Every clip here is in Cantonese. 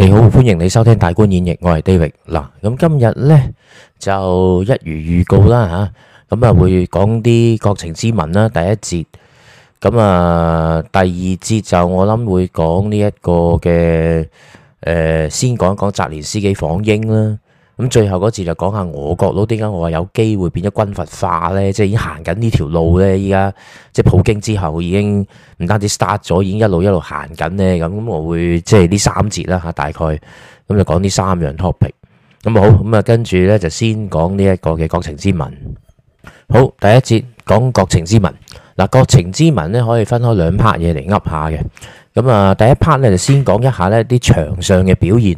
你好，歡迎你收聽《大觀演繹》，我係 David 嗱，咁今日呢，就一如預告啦吓，咁啊會講啲國情咨文啦，第一節，咁啊第二節就我諗會講呢一個嘅誒、呃，先講一講澤連斯基訪英啦。咁最後嗰節就講下俄國佬點解我話有機會變咗軍閥化呢？即係已經行緊呢條路呢。依家即係普京之後已經唔單止 start 咗，已經一路一路行緊呢。咁我會即係呢三節啦吓，大概咁就講呢三樣 topic。咁好，咁啊跟住呢，就先講呢一個嘅國情咨文。好，第一節講國情咨文。嗱，國情咨文呢可以分開兩 part 嘢嚟噏下嘅。咁啊，第一 part 呢，就先講一下呢啲場上嘅表現。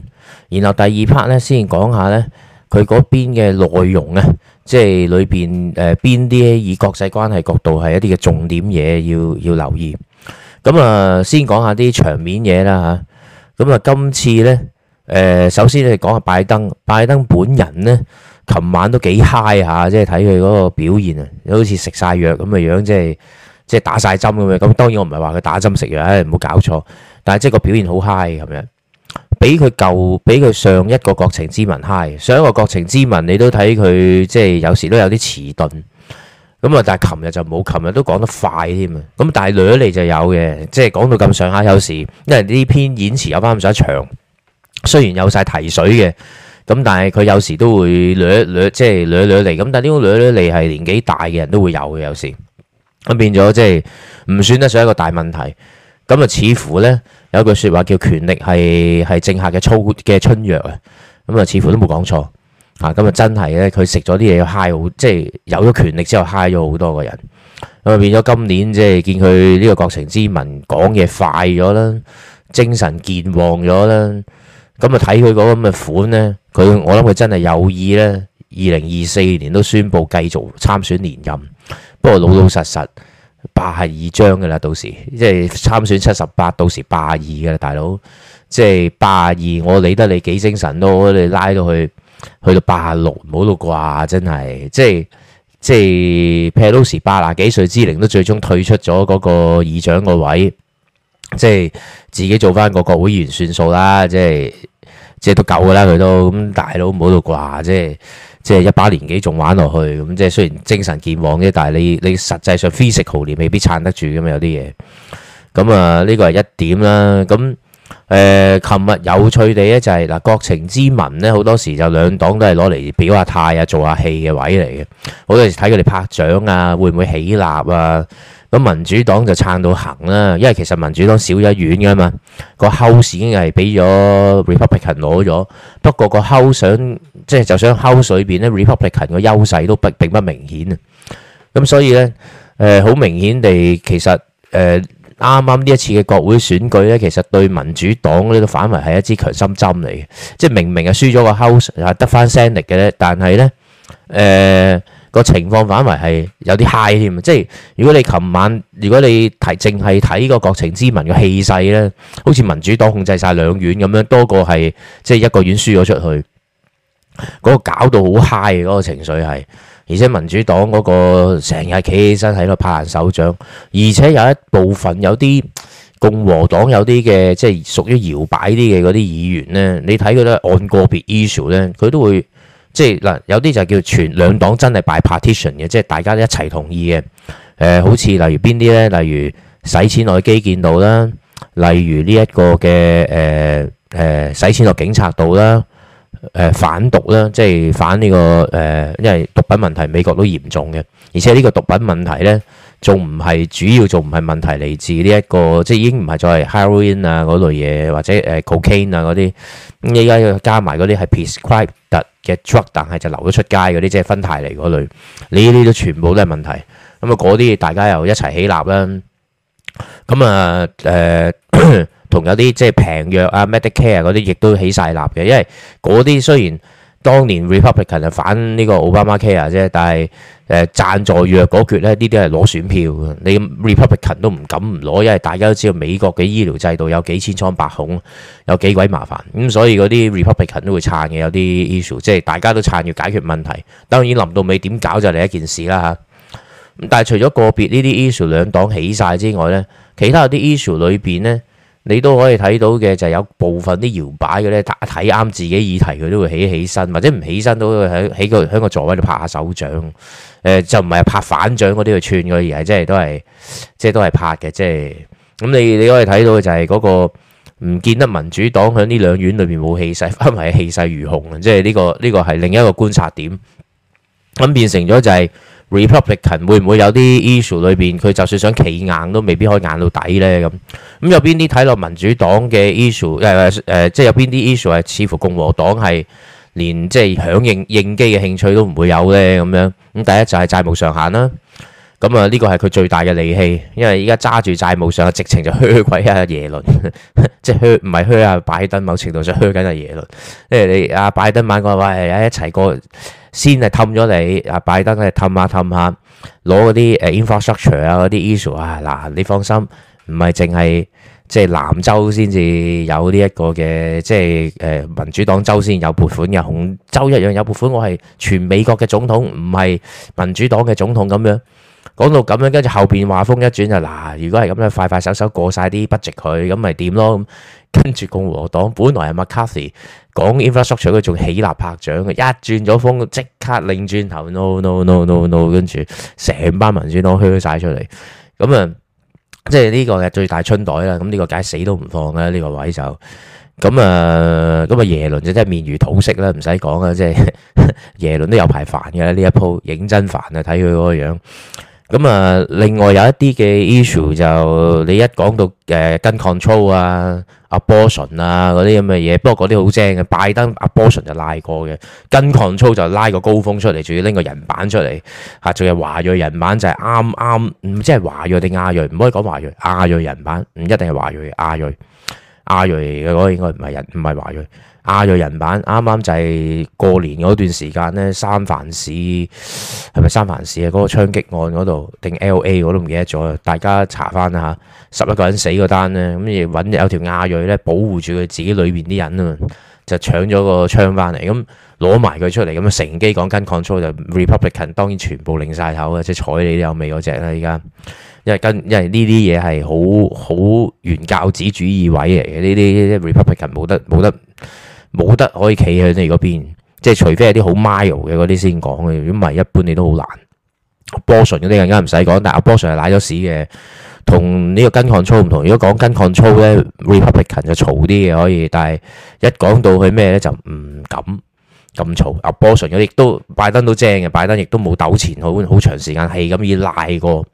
然後第二 part 咧，先講下咧，佢嗰邊嘅內容啊，即係裏邊誒邊啲以國際關係角度係一啲嘅重點嘢要要留意。咁啊，先講下啲場面嘢啦嚇。咁啊，今次咧誒，首先咧講下拜登。拜登本人咧，琴晚都幾嗨下，即係睇佢嗰個表現啊，好似食晒藥咁嘅樣，即係即係打晒針咁樣。咁當然我唔係話佢打針食藥，哎唔好搞錯。但係即係個表現好嗨咁樣。俾佢舊，俾佢上一個國情咨文嗨，上一個國情咨文你都睇佢即係有時都有啲遲鈍，咁啊，但係琴日就冇，琴日都講得快添啊！咁但係掠一嚟就有嘅，即係講到咁上下，有時因為呢篇演辭有翻咁多長，雖然有晒提水嘅，咁但係佢有時都會掠一掠，即係掠一掠嚟，咁但係呢個掠一掠嚟係年紀大嘅人都會有嘅，有時咁變咗即係唔算得上一個大問題。咁啊，就似乎呢，有一句説話叫權力係係政客嘅粗嘅春藥啊！咁啊，似乎都冇講錯啊！咁啊，真係呢，佢食咗啲嘢 high 好，即係有咗權力之後 high 咗好多個人，咁啊變咗今年即係、就是、見佢呢個國情咨文講嘢快咗啦，精神健旺咗啦，咁啊睇佢嗰咁嘅款呢？佢我諗佢真係有意呢。二零二四年都宣佈繼續參選連任，不過老老實實。八十二章噶啦，到時即係參選七十八，到時八二噶啦，大佬即係八二，我理得你幾精神都，你拉到去去到八十六，唔好度啩，真係即係即係佩洛斯八啊幾歲之齡都最終退出咗嗰個議長個位，即係自己做翻個國會議員算數啦，即係即係都夠噶啦佢都，咁大佬唔好度啩，即係。即係一把年紀仲玩落去，咁即係雖然精神健旺嘅，但係你你實際上 physical 力未必撐得住咁啊！有啲嘢，咁啊呢個係一點啦。咁誒，琴、呃、日有趣地咧就係嗱，國情咨文咧好多時就兩黨都係攞嚟表下態啊、做下戲嘅位嚟嘅，好多時睇佢哋拍掌啊，會唔會起立啊？咁民主黨就撐到行啦，因為其實民主黨少咗一院噶嘛，個 house 已經係俾咗 Republican 攞咗，不過個 house 想，即係就想 house 水平咧，Republican 個優勢都不並不明顯啊。咁所以咧，誒好明顯地，其實誒啱啱呢一次嘅國會選舉咧，其實對民主黨呢個反而係一支強心針嚟嘅，即係明明係輸咗個 house，又得翻 senate 嘅咧，但係咧，誒。個情況反為係有啲嗨添，即係如果你琴晚如果你提淨係睇個國情之民嘅氣勢呢，好似民主黨控制晒兩院咁樣，多過係即係一個院輸咗出去，嗰、嗰個搞到好嗨，i 嗰個情緒係，而且民主黨嗰個成日企起身喺度拍爛手掌，而且有一部分有啲共和黨有啲嘅即係屬於搖擺啲嘅嗰啲議員呢，你睇佢哋按個別 issue 呢，佢都會。即係嗱，有啲就叫全兩黨真係 bipartisan 嘅，即係大家都一齊同意嘅。誒、呃，好似例如邊啲咧？例如使錢落去基建度啦，例如呢一個嘅誒誒，使、呃、錢落警察度啦，誒、呃、反毒啦，即係反呢、這個誒、呃，因為毒品問題美國都嚴重嘅，而且呢個毒品問題咧。仲唔係主要，仲唔係問題嚟自呢、這、一個，即係已經唔係再係海洛因啊嗰類嘢，或者 Cocaine 啊嗰啲。咁依家要加埋嗰啲係 prescribed 嘅 drug，但係就流咗出街嗰啲，即係芬太尼嗰類。呢啲都全部都係問題。咁啊，嗰啲大家又一齊起，起立啦。咁、呃、 啊，誒同有啲即係平藥啊，Medicare 嗰啲亦都起晒立嘅，因為嗰啲雖然。當年 Republican 係反呢個奧巴馬 Care 啫，但係誒贊助藥嗰決咧呢啲係攞選票，你 Republican 都唔敢唔攞，因為大家都知道美國嘅醫療制度有幾千瘡百孔，有幾鬼麻煩，咁所以嗰啲 Republican 都會撐嘅，有啲 issue，即係大家都撐要解決問題。當然臨到尾點搞就另一件事啦吓。咁但係除咗個別呢啲 issue 兩黨起晒之外咧，其他啲 issue 裏邊咧。你都可以睇到嘅，就係有部分啲搖擺嘅咧，睇啱自己議題，佢都會起起身，或者唔起身都喺喺個喺個座位度拍下手掌。誒、呃，就唔係拍反掌嗰啲去串嘅，而係即係都係即係都係拍嘅。即係咁你你可以睇到嘅就係嗰個唔見得民主黨喺呢兩院裏面冇氣勢，反而係氣勢如虹啊！即係呢個呢個係另一個觀察點，咁變成咗就係。Republican 會唔會有啲 issue 裏邊，佢就算想企硬都未必可以硬到底呢？咁。咁有邊啲睇落民主黨嘅 issue？誒誒，即係有邊啲 issue 係似乎共和黨係連即係響應應機嘅興趣都唔會有呢？咁樣。咁第一就係債務上限啦。咁啊！呢個係佢最大嘅利器，因為依家揸住債務上，直情就虛鬼啊耶倫，即係虛唔係虛啊拜登。某程度上虛緊啊耶倫，即係你啊拜登買個話係一齊過先係氹咗你啊拜登咧，氹下氹下攞嗰啲誒 infrastructure 啊嗰啲 issue 啊嗱，你放心唔係淨係即係南州先至有呢一個嘅即係誒民主黨州先有撥款嘅，紅州一樣有撥款。我係全美國嘅總統，唔係民主黨嘅總統咁樣。講到咁樣，跟住後邊話風一轉就嗱，如果係咁樣，快快手手過晒啲筆值佢，咁咪掂咯。咁跟住共和黨本來係 McCarthy 講 Infrastructure，佢仲起立拍掌嘅，一轉咗風，即刻擰轉頭，no no no no no, no, no,mm hmm. 跟住成班民主黨噓晒出嚟。咁啊，即係呢個嘅最大春袋啦。咁呢個梗係死都唔放啦，呢、這個位就咁啊，咁啊耶倫就真係面如土色啦，唔使講啊，即係 耶倫都有排煩嘅呢一鋪，認真煩啊，睇佢嗰個樣。咁啊，另外有一啲嘅 issue 就你一講到誒跟 control 啊、abortion 啊嗰啲咁嘅嘢，不過嗰啲好正嘅，拜登 abortion 就拉過嘅，跟 control 就拉個高峰出嚟，仲要拎個人版出嚟，嚇，仲有華裔人版就剛剛，就係啱啱，唔知係華裔定亞裔，唔可以講華裔，亞裔人版，唔一定係華裔，亞裔，亞裔嘅嗰個應該唔係人，唔係華裔。亞裔人版啱啱就係過年嗰段時間咧，三藩市係咪三藩市啊？嗰個槍擊案嗰度定 L.A. 我都唔記得咗，大家查翻下，十一個人死嗰單咧，咁亦揾有條亞裔咧保護住佢自己裏邊啲人啊嘛，就搶咗個槍翻嚟，咁攞埋佢出嚟，咁啊乘機講 gun control 就 Republican，當然全部擰晒頭啊，即係睬你都有味嗰隻啦，而家因為 gun 因為呢啲嘢係好好原教旨主義位嚟嘅，呢啲 Republican 冇得冇得。冇得可以企喺你嗰邊，即係除非係啲好 mile 嘅嗰啲先講嘅，如果唔係一般你都好難。波純嗰啲更加唔使講，但阿波純係賴咗屎嘅，同呢個跟抗操唔同。如果講跟抗操咧 ，Republican 就嘈啲嘅可以，但係一講到佢咩咧就唔敢咁嘈。阿波純嗰啲亦都拜登都正嘅，拜登亦都冇抖錢，好好長時間係咁依賴過，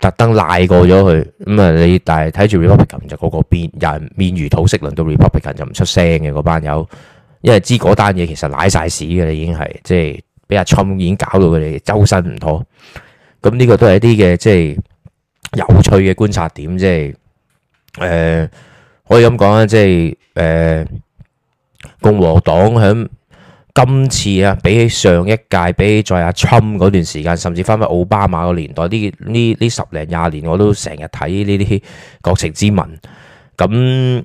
特登賴過咗佢咁啊！你但係睇住 Republican 就個個變人面如土色，輪到 Republican 就唔出聲嘅嗰班友，因為知嗰單嘢其實賴晒屎嘅啦，已經係即係俾阿川已經搞到佢哋周身唔妥。咁呢個都係一啲嘅即係有趣嘅觀察點，即係誒、呃、可以咁講啦，即係誒、呃、共和黨響。今次啊，比起上一屆，比起在阿川嗰段時間，甚至翻返奧巴馬個年代，呢呢呢十零廿年，我都成日睇呢啲國情咨文。咁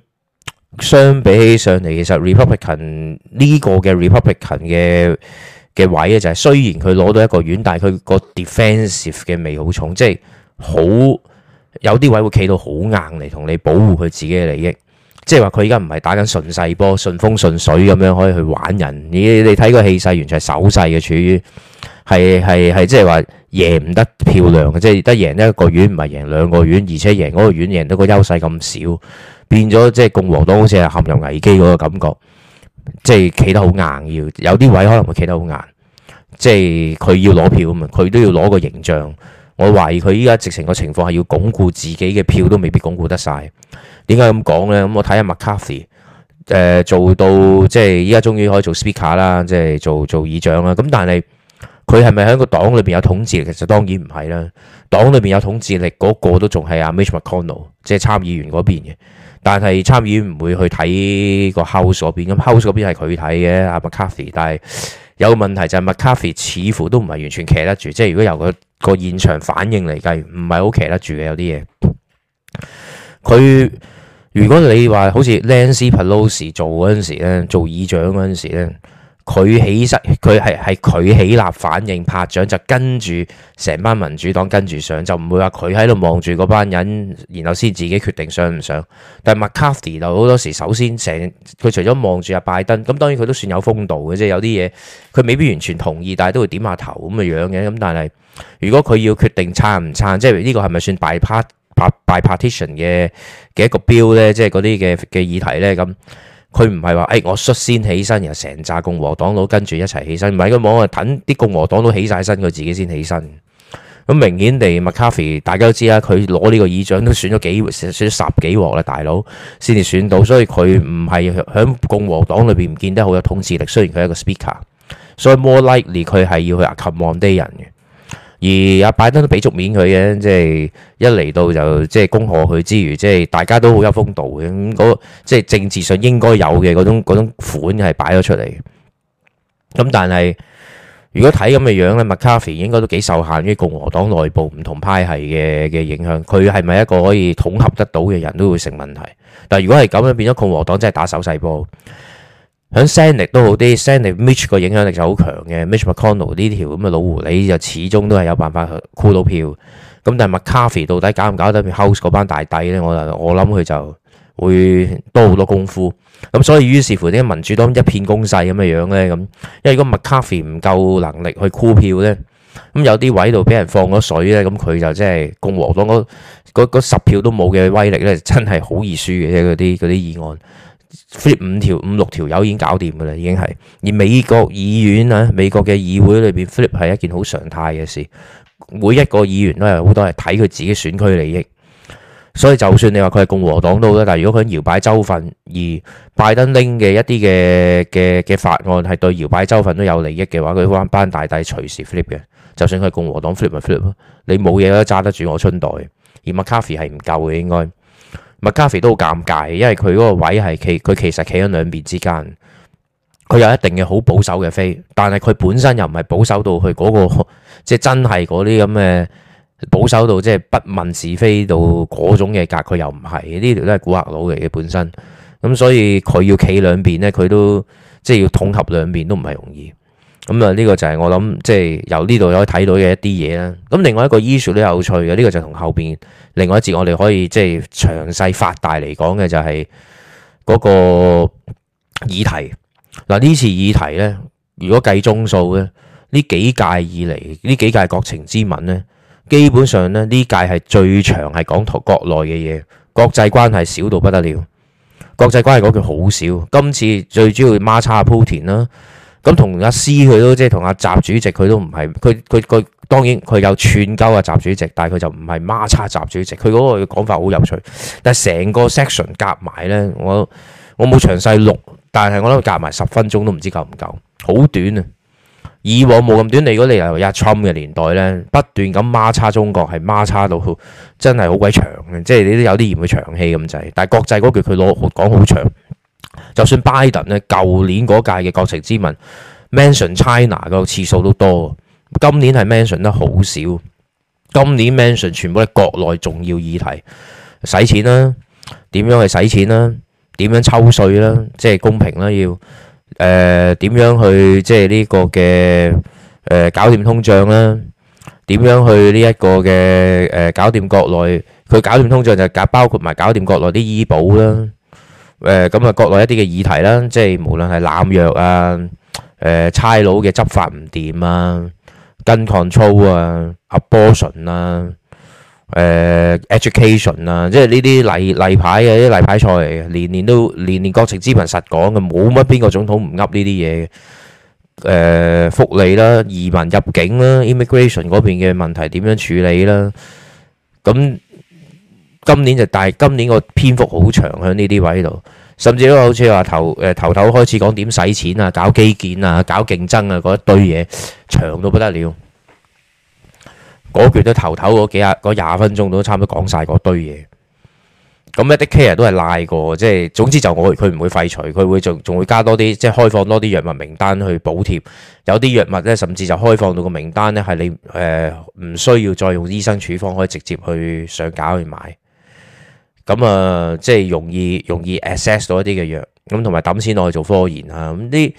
相比起上嚟，其實 Republican 呢個嘅 Republican 嘅嘅位咧，就係雖然佢攞到一個院，但係佢個 defensive 嘅味好重，即係好有啲位會企到好硬嚟同你保護佢自己嘅利益。即係話佢而家唔係打緊順勢波，順風順水咁樣可以去玩人，你你睇個氣勢完全係手勢嘅，處於係係係即係話贏唔得漂亮嘅，即係得贏一個院唔係贏兩個院，而且贏嗰個院贏到個優勢咁少，變咗即係共和黨好似係陷入危機嗰個感覺，即係企得好硬要，有啲位可能會企得好硬，即係佢要攞票啊嘛，佢都要攞個形象，我懷疑佢依家直情個情況係要鞏固自己嘅票都未必鞏固得晒。點解咁講咧？咁、嗯、我睇下 McCarthy 做到即係依家終於可以做 speaker 啦，即係做做議長啦。咁但係佢係咪喺個黨裏邊有統治力？其實當然唔係啦。黨裏邊有統治力嗰、那個都仲係阿 Mitch McConnell，即係參議員嗰邊嘅。但係參議員唔會去睇個 House 嗰邊。咁 House 嗰邊係佢睇嘅阿 McCarthy 但係有個問題就係 McCarthy 似乎都唔係完全騎得住。即係如果由個個現場反應嚟計，唔係好騎得住嘅有啲嘢。佢如果你話好似 Nancy Pelosi 做嗰陣時咧，做議長嗰陣時咧，佢起立，佢係係佢起立反應拍掌，就跟住成班民主黨跟住上，就唔會話佢喺度望住嗰班人，然後先自己決定上唔上。但係 McCarthy 就好多時首先成佢除咗望住阿拜登，咁當然佢都算有風度嘅，即係有啲嘢佢未必完全同意，但係都會點下頭咁嘅樣嘅。咁但係如果佢要決定撐唔撐，即係呢個係咪算 bipart？p by partition 嘅嘅一個標咧，即係嗰啲嘅嘅議題咧咁，佢唔係話，誒、哎、我率先起身，然後成紮共和黨佬跟住一齊起，起身，唔係咁講啊，等啲共和黨都起晒身，佢自己先起身。咁明顯地，麥卡錫大家都知啦，佢攞呢個議長都選咗幾選咗十幾鑊啦，大佬先至選到，所以佢唔係響共和黨裏邊唔見得好有統治力。雖然佢係一個 speaker，所以 more likely 佢係要去吸 day 人嘅。而阿拜登都俾足面佢嘅，即係一嚟到就即係恭賀佢之餘，即係大家都好有風度嘅。即係政治上應該有嘅嗰種嗰種款係擺咗出嚟。咁但係如果睇咁嘅樣咧，麥卡菲應該都幾受限於共和黨內部唔同派系嘅嘅影響。佢係咪一個可以統合得到嘅人都會成問題。但如果係咁樣變咗共和黨真係打手勢波。響 Senate 都好啲，Senate Mitch 個影響力就好強嘅。Mitch McConnell 呢條咁嘅老狐狸就始終都係有辦法去箍到票。咁但係 McCarthy 到底搞唔搞得掂 House 嗰班大帝呢？我就我諗佢就會多好多功夫。咁所以於是乎啲民主黨一片攻勢咁嘅樣呢。咁因為如果 McCarthy 唔夠能力去箍票呢，咁有啲位度俾人放咗水呢，咁佢就真係共和黨嗰十票都冇嘅威力呢，真係好易輸嘅，即係啲嗰啲議案。flip 五條五六條友已經搞掂嘅啦，已經係。而美國議院啊，美國嘅議會裏邊 flip 係一件好常態嘅事，每一個議員都係好多係睇佢自己選區利益，所以就算你話佢係共和黨都好啦，但係如果佢喺搖擺州份，而拜登拎嘅一啲嘅嘅嘅法案係對搖擺州份都有利益嘅話，佢啲班大帝隨時 flip 嘅，就算佢係共和黨 flip 咪 flip 咯，你冇嘢都揸得住我春袋，而 McCarthy 係唔夠嘅應該。麥卡菲都好尷尬，因為佢嗰個位係企，佢其實企喺兩邊之間，佢有一定嘅好保守嘅飛，但係佢本身又唔係保守到佢嗰、嗰個，即係真係嗰啲咁嘅保守到即係不問是非到嗰種嘅格局，佢又唔係呢條都係古惑佬嚟嘅本身，咁所以佢要企兩邊咧，佢都即係要統合兩邊都唔係容易。咁啊，呢個就係我諗，即係由呢度可以睇到嘅一啲嘢啦。咁另外一個 issue 都有趣嘅，呢個就同後邊另外一節我哋可以即係詳細發大嚟講嘅，就係嗰個議題。嗱，呢次議題呢，如果計總數咧，呢幾屆以嚟呢幾屆國情咨文呢，基本上呢，呢屆係最長係講台國內嘅嘢，國際關係少到不得了。國際關係嗰句好少，今次最主要孖叉鋪田啦。咁同阿司佢都即係同阿習主席佢都唔係，佢佢佢當然佢有串交阿習主席，但係佢就唔係孖叉習主席。佢嗰個講法好有趣，但係成個 section 夾埋咧，我我冇詳細錄，但係我諗夾埋十分鐘都唔知夠唔夠，好短啊！以往冇咁短，你如果你由阿 Trump 嘅年代咧，不斷咁孖叉中國，係孖叉到真係好鬼長嘅，即係你都有啲嫌佢長氣咁滯。但係國際嗰句佢攞講好長。就算拜登咧，舊年嗰屆嘅國情咨文 mention China 個次數都多，今年係 mention 得好少。今年 mention 全部係國內重要議題，使錢啦，點樣去使錢啦，點樣抽稅啦，即係公平啦，要誒點樣去即係呢個嘅誒、呃、搞掂通脹啦，點樣去呢一個嘅誒搞掂國內佢搞掂通脹就搞包括埋搞掂國內啲醫保啦、啊。誒咁啊，國內一啲嘅議題啦，即係無論係濫藥啊、誒差佬嘅執法唔掂啊、gun control 啊、abortion 啦、誒 education 啦，即係呢啲例例牌嘅啲例牌菜嚟嘅，年年都年年國情咨文實講嘅，冇乜邊個總統唔噏呢啲嘢。誒福利啦、移民入境啦、immigration 嗰邊嘅問題點樣處理啦，咁。今年就但係今年個篇幅好長，喺呢啲位度，甚至都好似話頭誒頭頭開始講點使錢啊，搞基建啊，搞競爭啊嗰一堆嘢長到不得了。嗰段都頭頭嗰幾啊廿分鐘都差唔多講晒嗰堆嘢。咁 Medicare 都係賴過，即係總之就我佢唔會廢除，佢會仲仲會加多啲即係開放多啲藥物名單去補貼。有啲藥物咧，甚至就開放到個名單咧係你誒唔、呃、需要再用醫生處方可以直接去上架去買。咁啊，即係容易容易 access 到一啲嘅藥，咁同埋抌錢落去做科研啊！咁呢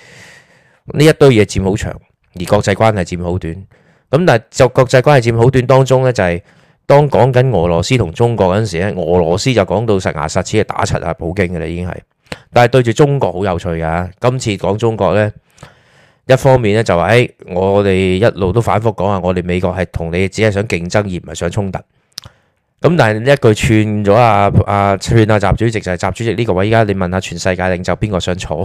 呢一堆嘢佔好長，而國際關係佔好短。咁但係就國際關係佔好短當中呢，就係、是、當講緊俄羅斯同中國嗰陣時呢，俄羅斯就講到實牙實齒打柒啊普京嘅啦，已經係。但係對住中國好有趣嘅，今次講中國呢，一方面呢，就、哎、係，我哋一路都反復講下，我哋美國係同你只係想競爭而唔係想衝突。咁但係呢一句串咗啊，啊串啊！啊串習主席就係、是、習主席呢個位，依家你問下全世界，領袖邊個想坐？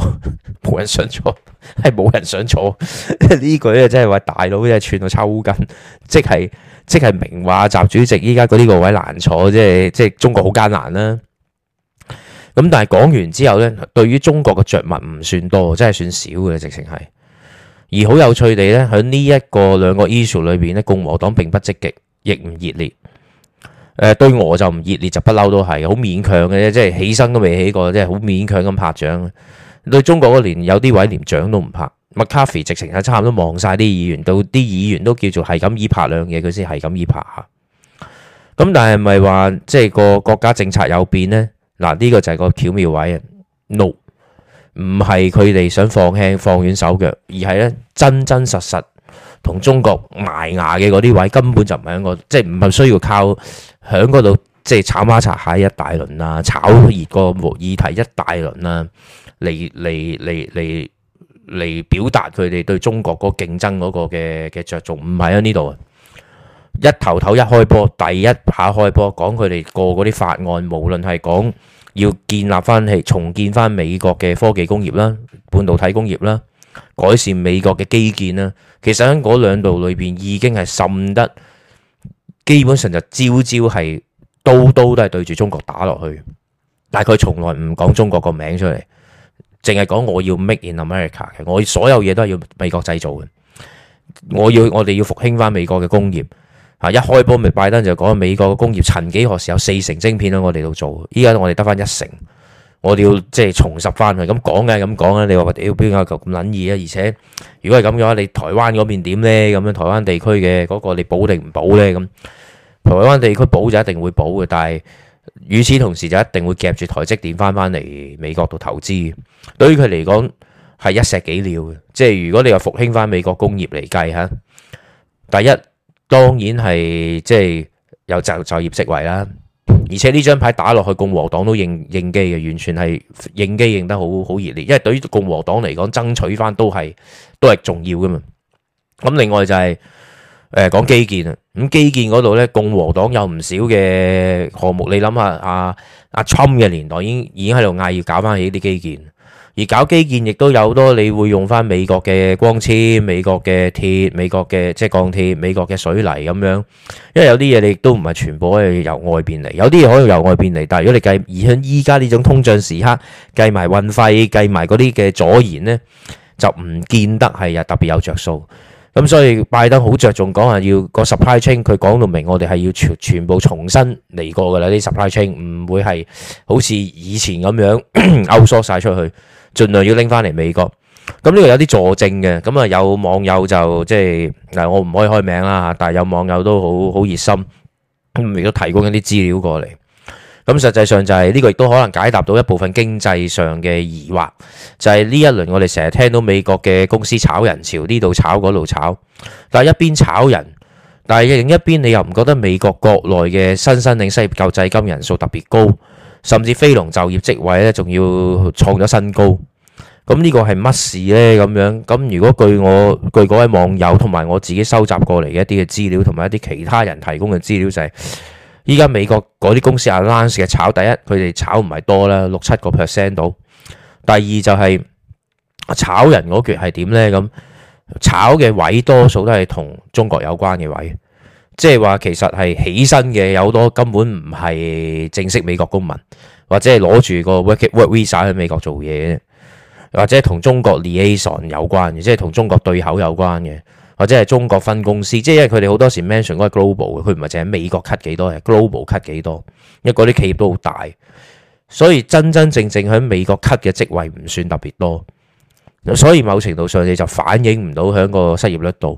冇 人想坐，係 冇人想坐。呢 句啊，真係話大佬真係串到抽筋，即係即係明話習主席依家個呢個位難坐，即係即係中國好艱難啦、啊。咁但係講完之後呢，對於中國嘅着墨唔算多，真係算少嘅，直情係。而好有趣地呢，喺呢一個兩個 issue 裏邊咧，共和黨並不積極，亦唔熱烈。誒對我就唔熱烈就不嬲都係，好勉強嘅啫，即係起身都未起過，即係好勉強咁拍掌。對中國嗰年有啲位連掌都唔拍，McCarthy 直情係差唔多望晒啲議員，到啲議員都叫做係咁依拍兩嘢，佢先係咁依拍嚇。咁但係咪係話即係個國家政策有變呢？嗱、這、呢個就係個巧妙位啊。No，唔係佢哋想放輕放軟手腳，而係咧真真實實。同中國埋牙嘅嗰啲位根本就唔係喺個，即係唔係需要靠響嗰度即係炒蝦拆蟹一大輪啊，炒熱個和議題一大輪啊，嚟嚟嚟嚟嚟表達佢哋對中國嗰個競爭嗰個嘅嘅着重，唔係喺呢度啊！一頭頭一開波，第一下開波講佢哋個嗰啲法案，無論係講要建立翻係重建翻美國嘅科技工業啦、半導體工業啦。改善美國嘅基建啦，其實喺嗰兩度裏邊已經係滲得，基本上就是朝朝係刀刀都係對住中國打落去，但係佢從來唔講中國個名出嚟，淨係講我要 Make in America 嘅，我所有嘢都係要美國製造嘅，我要我哋要復興翻美國嘅工業啊！一開波，咪拜登就講美國嘅工業，曾幾何時有四成晶片喺我哋度做，依家我哋得翻一成。我哋要即係重拾翻佢咁講嘅，咁講啊！你話我屌邊個咁撚易啊？而且如果係咁嘅話，你台灣嗰邊點呢？咁樣台灣地區嘅嗰個你補定唔補呢？咁台灣地區補就一定會補嘅，但係與此同時就一定會夾住台積電翻翻嚟美國度投資。對於佢嚟講係一石幾鳥嘅，即係如果你又復興翻美國工業嚟計吓，第一當然係即係有就就業職位啦。而且呢張牌打落去，共和黨都應應機嘅，完全係應機應得好好熱烈，因為對於共和黨嚟講，爭取翻都係都係重要噶嘛。咁另外就係、是、誒、欸、講基建啊，咁基建嗰度咧，共和黨有唔少嘅項目，你諗下，阿阿侵嘅年代已經已經喺度嗌要搞翻起啲基建。而搞基建亦都有好多，你會用翻美國嘅光纖、美國嘅鐵、美國嘅即係鋼鐵、美國嘅水泥咁樣，因為有啲嘢你亦都唔係全部可以由外邊嚟，有啲嘢可以由外邊嚟。但係如果你計而喺依家呢種通脹時刻，計埋運費、計埋嗰啲嘅阻延呢，就唔見得係又特別有着數。咁所以拜登好着重講啊，要個 supply chain 佢講到明，我哋係要全全部重新嚟過㗎啦，啲 supply chain 唔會係好似以前咁樣勾縮晒出去。盡量要拎翻嚟美國，咁、這、呢個有啲佐證嘅，咁啊有網友就即係嗱，我唔可以開名啦，但係有網友都好好熱心，亦都提供一啲資料過嚟。咁實際上就係、是、呢、這個亦都可能解答到一部分經濟上嘅疑惑，就係、是、呢一輪我哋成日聽到美國嘅公司炒人潮，呢度炒嗰度炒，但係一邊炒人，但係另一邊你又唔覺得美國國內嘅新申領失業救濟金人數特別高？甚至非農就業職位咧，仲要創咗新高。咁呢個係乜事呢？咁樣，咁如果據我據嗰位網友同埋我自己收集過嚟嘅一啲嘅資料，同埋一啲其他人提供嘅資料就係、是，依家美國嗰啲公司阿 Lance 嘅炒第一，佢哋炒唔係多啦，六七個 percent 到。第二就係炒人嗰橛係點呢？咁炒嘅位多數都係同中國有關嘅位。即係話其實係起身嘅有好多根本唔係正式美國公民，或者係攞住個 work work visa 去美國做嘢，或者同中國 liaison 有關嘅，即係同中國對口有關嘅，或者係中國分公司。即係因為佢哋好多時 mention 嗰個 global 嘅，佢唔係淨喺美國 cut 幾多，係 global cut 幾多，因為嗰啲企業都好大，所以真真正正喺美國 cut 嘅職位唔算特別多，所以某程度上你就反映唔到喺個失業率度。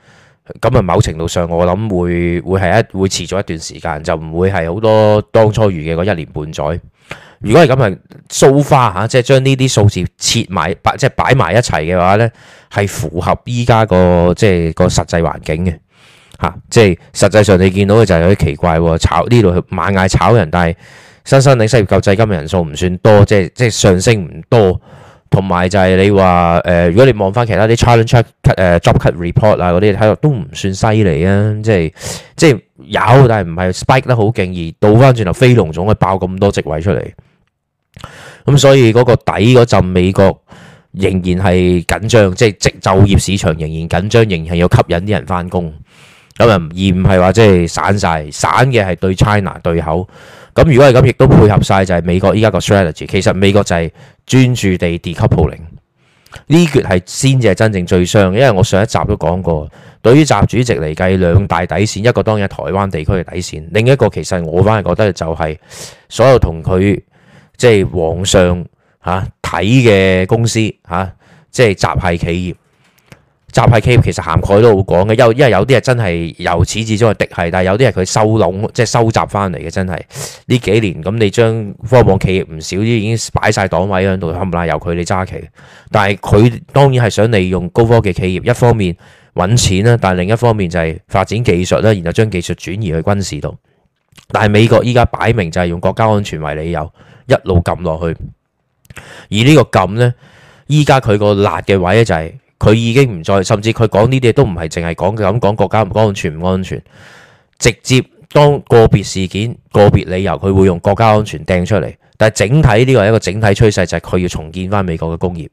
咁啊，某程度上我諗會會係一會持續一段時間，就唔會係好多當初預嘅嗰一年半載。如果係咁啊，數化吓，即係將呢啲數字切埋，即係擺埋一齊嘅話呢，係符合依家個即係個實際環境嘅吓。即係實際上你見到嘅就係有啲奇怪，炒呢度買嗌炒人，但係新生領失業救濟金嘅人數唔算多，即係即係上升唔多。同埋就係你話誒，如果你望翻其他啲 China cut 誒 job cut report 啊，嗰啲睇落都唔算犀利啊，即係即係有，但係唔係 spike 得好勁，而倒翻轉頭飛龍總會爆咁多職位出嚟。咁所以嗰個底嗰陣美國仍然係緊張，即係即就業市場仍然緊張，仍然要吸引啲人翻工咁啊，而唔係話即係散曬散嘅係對 China 對口。咁如果係咁，亦都配合晒就係美國依家個 strategy。其實美國就係專注地 decoupling 呢橛係先至係真正最傷，因為我上一集都講過，對於習主席嚟計，兩大底線，一個當然係台灣地區嘅底線，另一個其實我反而覺得就係所有同佢即係皇上嚇睇嘅公司嚇，即、啊、係、就是、集系企業。集系企業其實涵蓋都好廣嘅，因因為有啲係真係由始至終係嫡系，但係有啲係佢收攏，即係收集翻嚟嘅，真係呢幾年咁。你將科網企業唔少啲已經擺晒檔位喺度，冚唪唥，由佢哋揸旗。但係佢當然係想利用高科技企業，一方面揾錢啦，但係另一方面就係發展技術啦，然後將技術轉移去軍事度。但係美國依家擺明就係用國家安全為理由一路撳落去，而呢個撳呢，依家佢個辣嘅位咧就係、是。佢已經唔再，甚至佢講呢啲嘢都唔係淨係講咁講國家唔安全唔安全，直接當個別事件、個別理由，佢會用國家安全掟出嚟。但係整體呢個係一個整體趨勢就係、是、佢要重建翻美國嘅工業。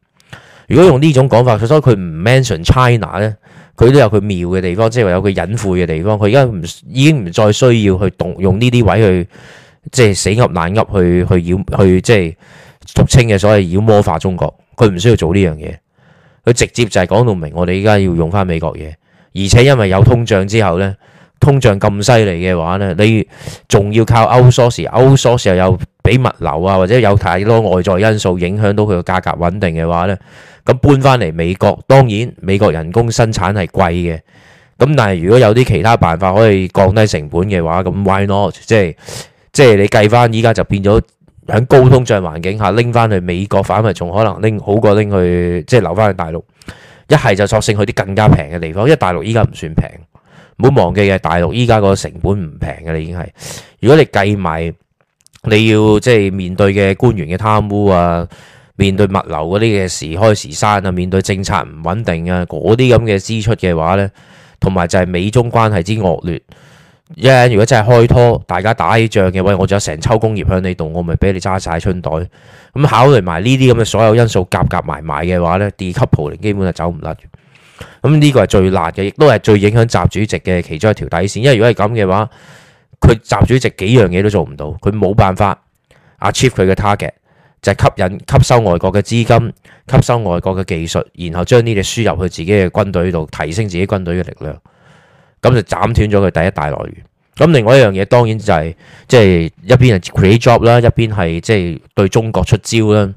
如果用呢種講法，所以佢唔 mention China 呢，佢都有佢妙嘅地方，即係話有佢隱晦嘅地方。佢而家唔已經唔再需要去動用呢啲位去，即係死噏懶噏去去妖去即係俗稱嘅所謂妖魔化中國。佢唔需要做呢樣嘢。佢直接就係講到明，我哋依家要用翻美國嘢，而且因為有通脹之後咧，通脹咁犀利嘅話咧，你仲要靠 outsourcing，outsourcing 又有俾物流啊，或者有太多外在因素影響到佢個價格穩定嘅話咧，咁搬翻嚟美國，當然美國人工生產係貴嘅，咁但係如果有啲其他辦法可以降低成本嘅話，咁 why not？即係即係你計翻依家就變咗。喺高通脹環境下拎翻去美國，反而仲可能拎好過拎去即係留翻去大陸。一係就索性去啲更加平嘅地方，因為大陸依家唔算平。唔好忘記嘅，大陸依家個成本唔平嘅，已經係。如果你計埋你要即係面對嘅官員嘅貪污啊，面對物流嗰啲嘅時開時閂啊，面對政策唔穩定啊，嗰啲咁嘅支出嘅話咧，同埋就係美中關係之惡劣。一，如果真係開拖，大家打起仗嘅話，喂，我仲有成抽工業喺你度，我咪俾你揸晒春袋。咁、嗯、考慮埋呢啲咁嘅所有因素，夾夾埋埋嘅話呢，d 級鋪嚟基本就走唔甩。咁呢個係最辣嘅，亦都係最影響習主席嘅其中一條底線。因為如果係咁嘅話，佢習主席幾樣嘢都做唔到，佢冇辦法 achieve 佢嘅 target，就係、是、吸引、吸收外國嘅資金、吸收外國嘅技術，然後將呢啲輸入去自己嘅軍隊度，提升自己軍隊嘅力量。咁就斬斷咗佢第一大來源。咁另外一樣嘢，當然就係即係一邊係 create job 啦，一邊係即係對中國出招啦。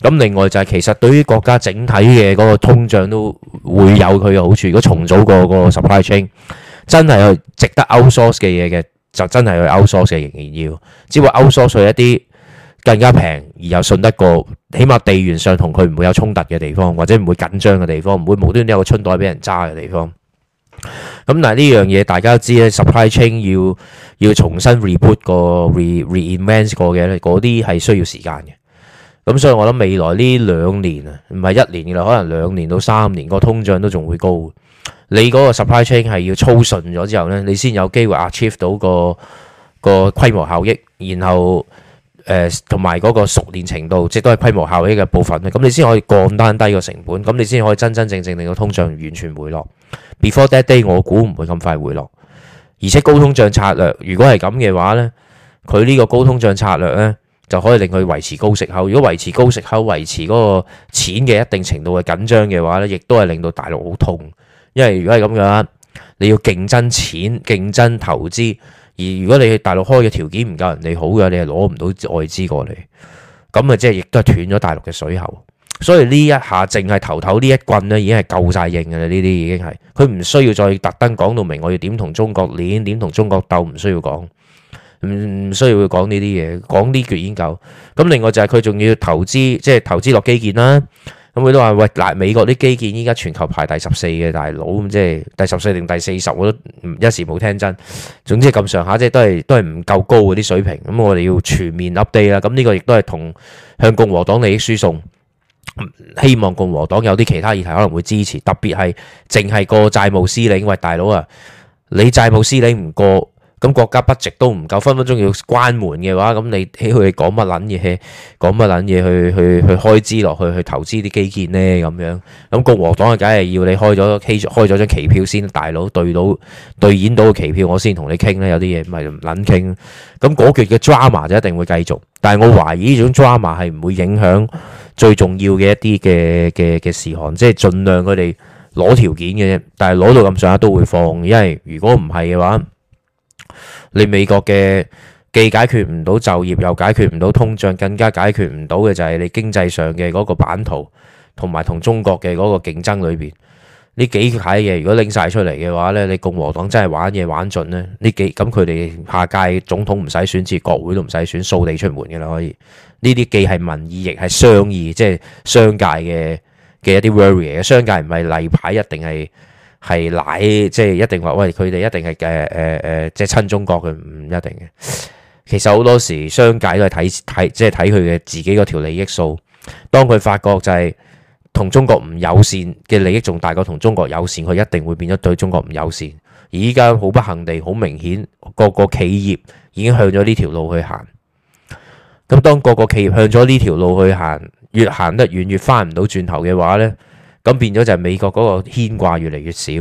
咁另外就係其實對於國家整體嘅嗰個通脹都會有佢嘅好處。如果重組過嗰個 supply chain，真係有值得 outsource 嘅嘢嘅，就真係去 outsource 嘅，仍然要。只會 outsource 咗一啲更加平而又信得過，起碼地緣上同佢唔會有衝突嘅地方，或者唔會緊張嘅地方，唔會無端端有個春袋俾人揸嘅地方。咁嗱，呢樣嘢大家都知咧，supply chain 要要重新 reboot 個 re reinvent 個嘅咧，嗰啲係需要時間嘅。咁所以我諗未來呢兩年啊，唔係一年嘅啦，可能兩年到三年個通脹都仲會高。你嗰個 supply chain 係要操順咗之後呢，你先有機會 achieve 到個個規模效益，然後誒同埋嗰個熟練程度，即都係規模效益嘅部分咁你先可以降單低個成本，咁你先可以真真正正令到通脹完全回落。Before that day，我估唔會咁快回落，而且高通脹策略，如果係咁嘅話呢，佢呢個高通脹策略呢，就可以令佢維持高息口。如果維持高息口，維持嗰個錢嘅一定程度嘅緊張嘅話呢，亦都係令到大陸好痛，因為如果係咁嘅話，你要競爭錢、競爭投資，而如果你去大陸開嘅條件唔夠人哋好嘅，你係攞唔到外資過嚟，咁啊即係亦都係斷咗大陸嘅水喉。所以呢一下，淨係頭頭呢一棍咧，已經係夠晒型㗎喇。呢啲已經係佢唔需要再特登講到明，我要點同中國攣點同中國鬥，唔需要講，唔唔需要去講呢啲嘢，講呢句已經夠。咁另外就係佢仲要投資，即係投資落基建啦。咁佢都話：喂，嗱，美國啲基建依家全球排第十四嘅大佬，即係第十四定第四十，我都一時冇聽真。總之係咁上下，即係都係都係唔夠高嗰啲水平。咁我哋要全面 update 啦。咁呢個亦都係同向共和黨利益輸送。希望共和黨有啲其他議題可能會支持，特別係淨係個債務司令。喂，大佬啊，你債務司令唔過，咁國家 budget 都唔夠，分分鐘要關門嘅話，咁你起去講乜捻嘢，講乜捻嘢去去去開支落去，去投資啲基建呢？咁樣，咁共和黨啊，梗係要你開咗期開咗張期票先，大佬兌到兌演到個期票，我先同你傾咧，有啲嘢咪捻傾。咁嗰橛嘅 drama 就一定會繼續，但係我懷疑呢種 drama 係唔會影響。最重要嘅一啲嘅嘅嘅事項，即係盡量佢哋攞條件嘅啫，但係攞到咁上下都會放，因為如果唔係嘅話，你美國嘅既解決唔到就業，又解決唔到通脹，更加解決唔到嘅就係你經濟上嘅嗰個版圖，同埋同中國嘅嗰個競爭裏邊。呢幾排嘢，如果拎晒出嚟嘅話咧，你共和黨真係玩嘢玩盡咧。呢幾咁佢哋下屆總統唔使選，至國會都唔使選，掃地出門嘅啦。可以呢啲既係民意，亦係商議，即係商界嘅嘅一啲 warrior。商界唔係例牌，一定係係奶，即係一定話喂，佢哋一定係誒誒誒，即係親中國嘅，唔一定嘅。其實好多時商界都係睇睇，即係睇佢嘅自己嗰條利益數。當佢發覺就係、是。同中國唔友善嘅利益仲大過同中國友善，佢一定會變咗對中國唔友善。而家好不幸地，好明顯，個個企業已經向咗呢條路去行。咁當個個企業向咗呢條路去行，越行得遠越翻唔到轉頭嘅話呢，咁變咗就係美國嗰個牽掛越嚟越少。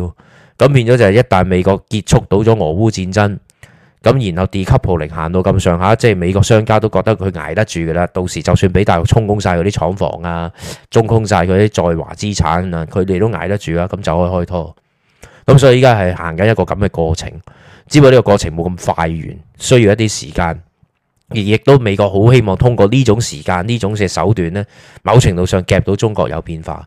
咁變咗就係一旦美國結束到咗俄烏戰爭。咁然後地級報力行到咁上下，即係美國商家都覺得佢捱得住嘅啦。到時就算俾大陸充公晒嗰啲廠房啊，中空晒嗰啲在華資產啊，佢哋都捱得住啊。咁就可以開拖。咁所以依家係行緊一個咁嘅過程，只不過呢個過程冇咁快完，需要一啲時間。而亦都美國好希望通過呢種時間、呢種嘅手段呢，某程度上夾到中國有變化。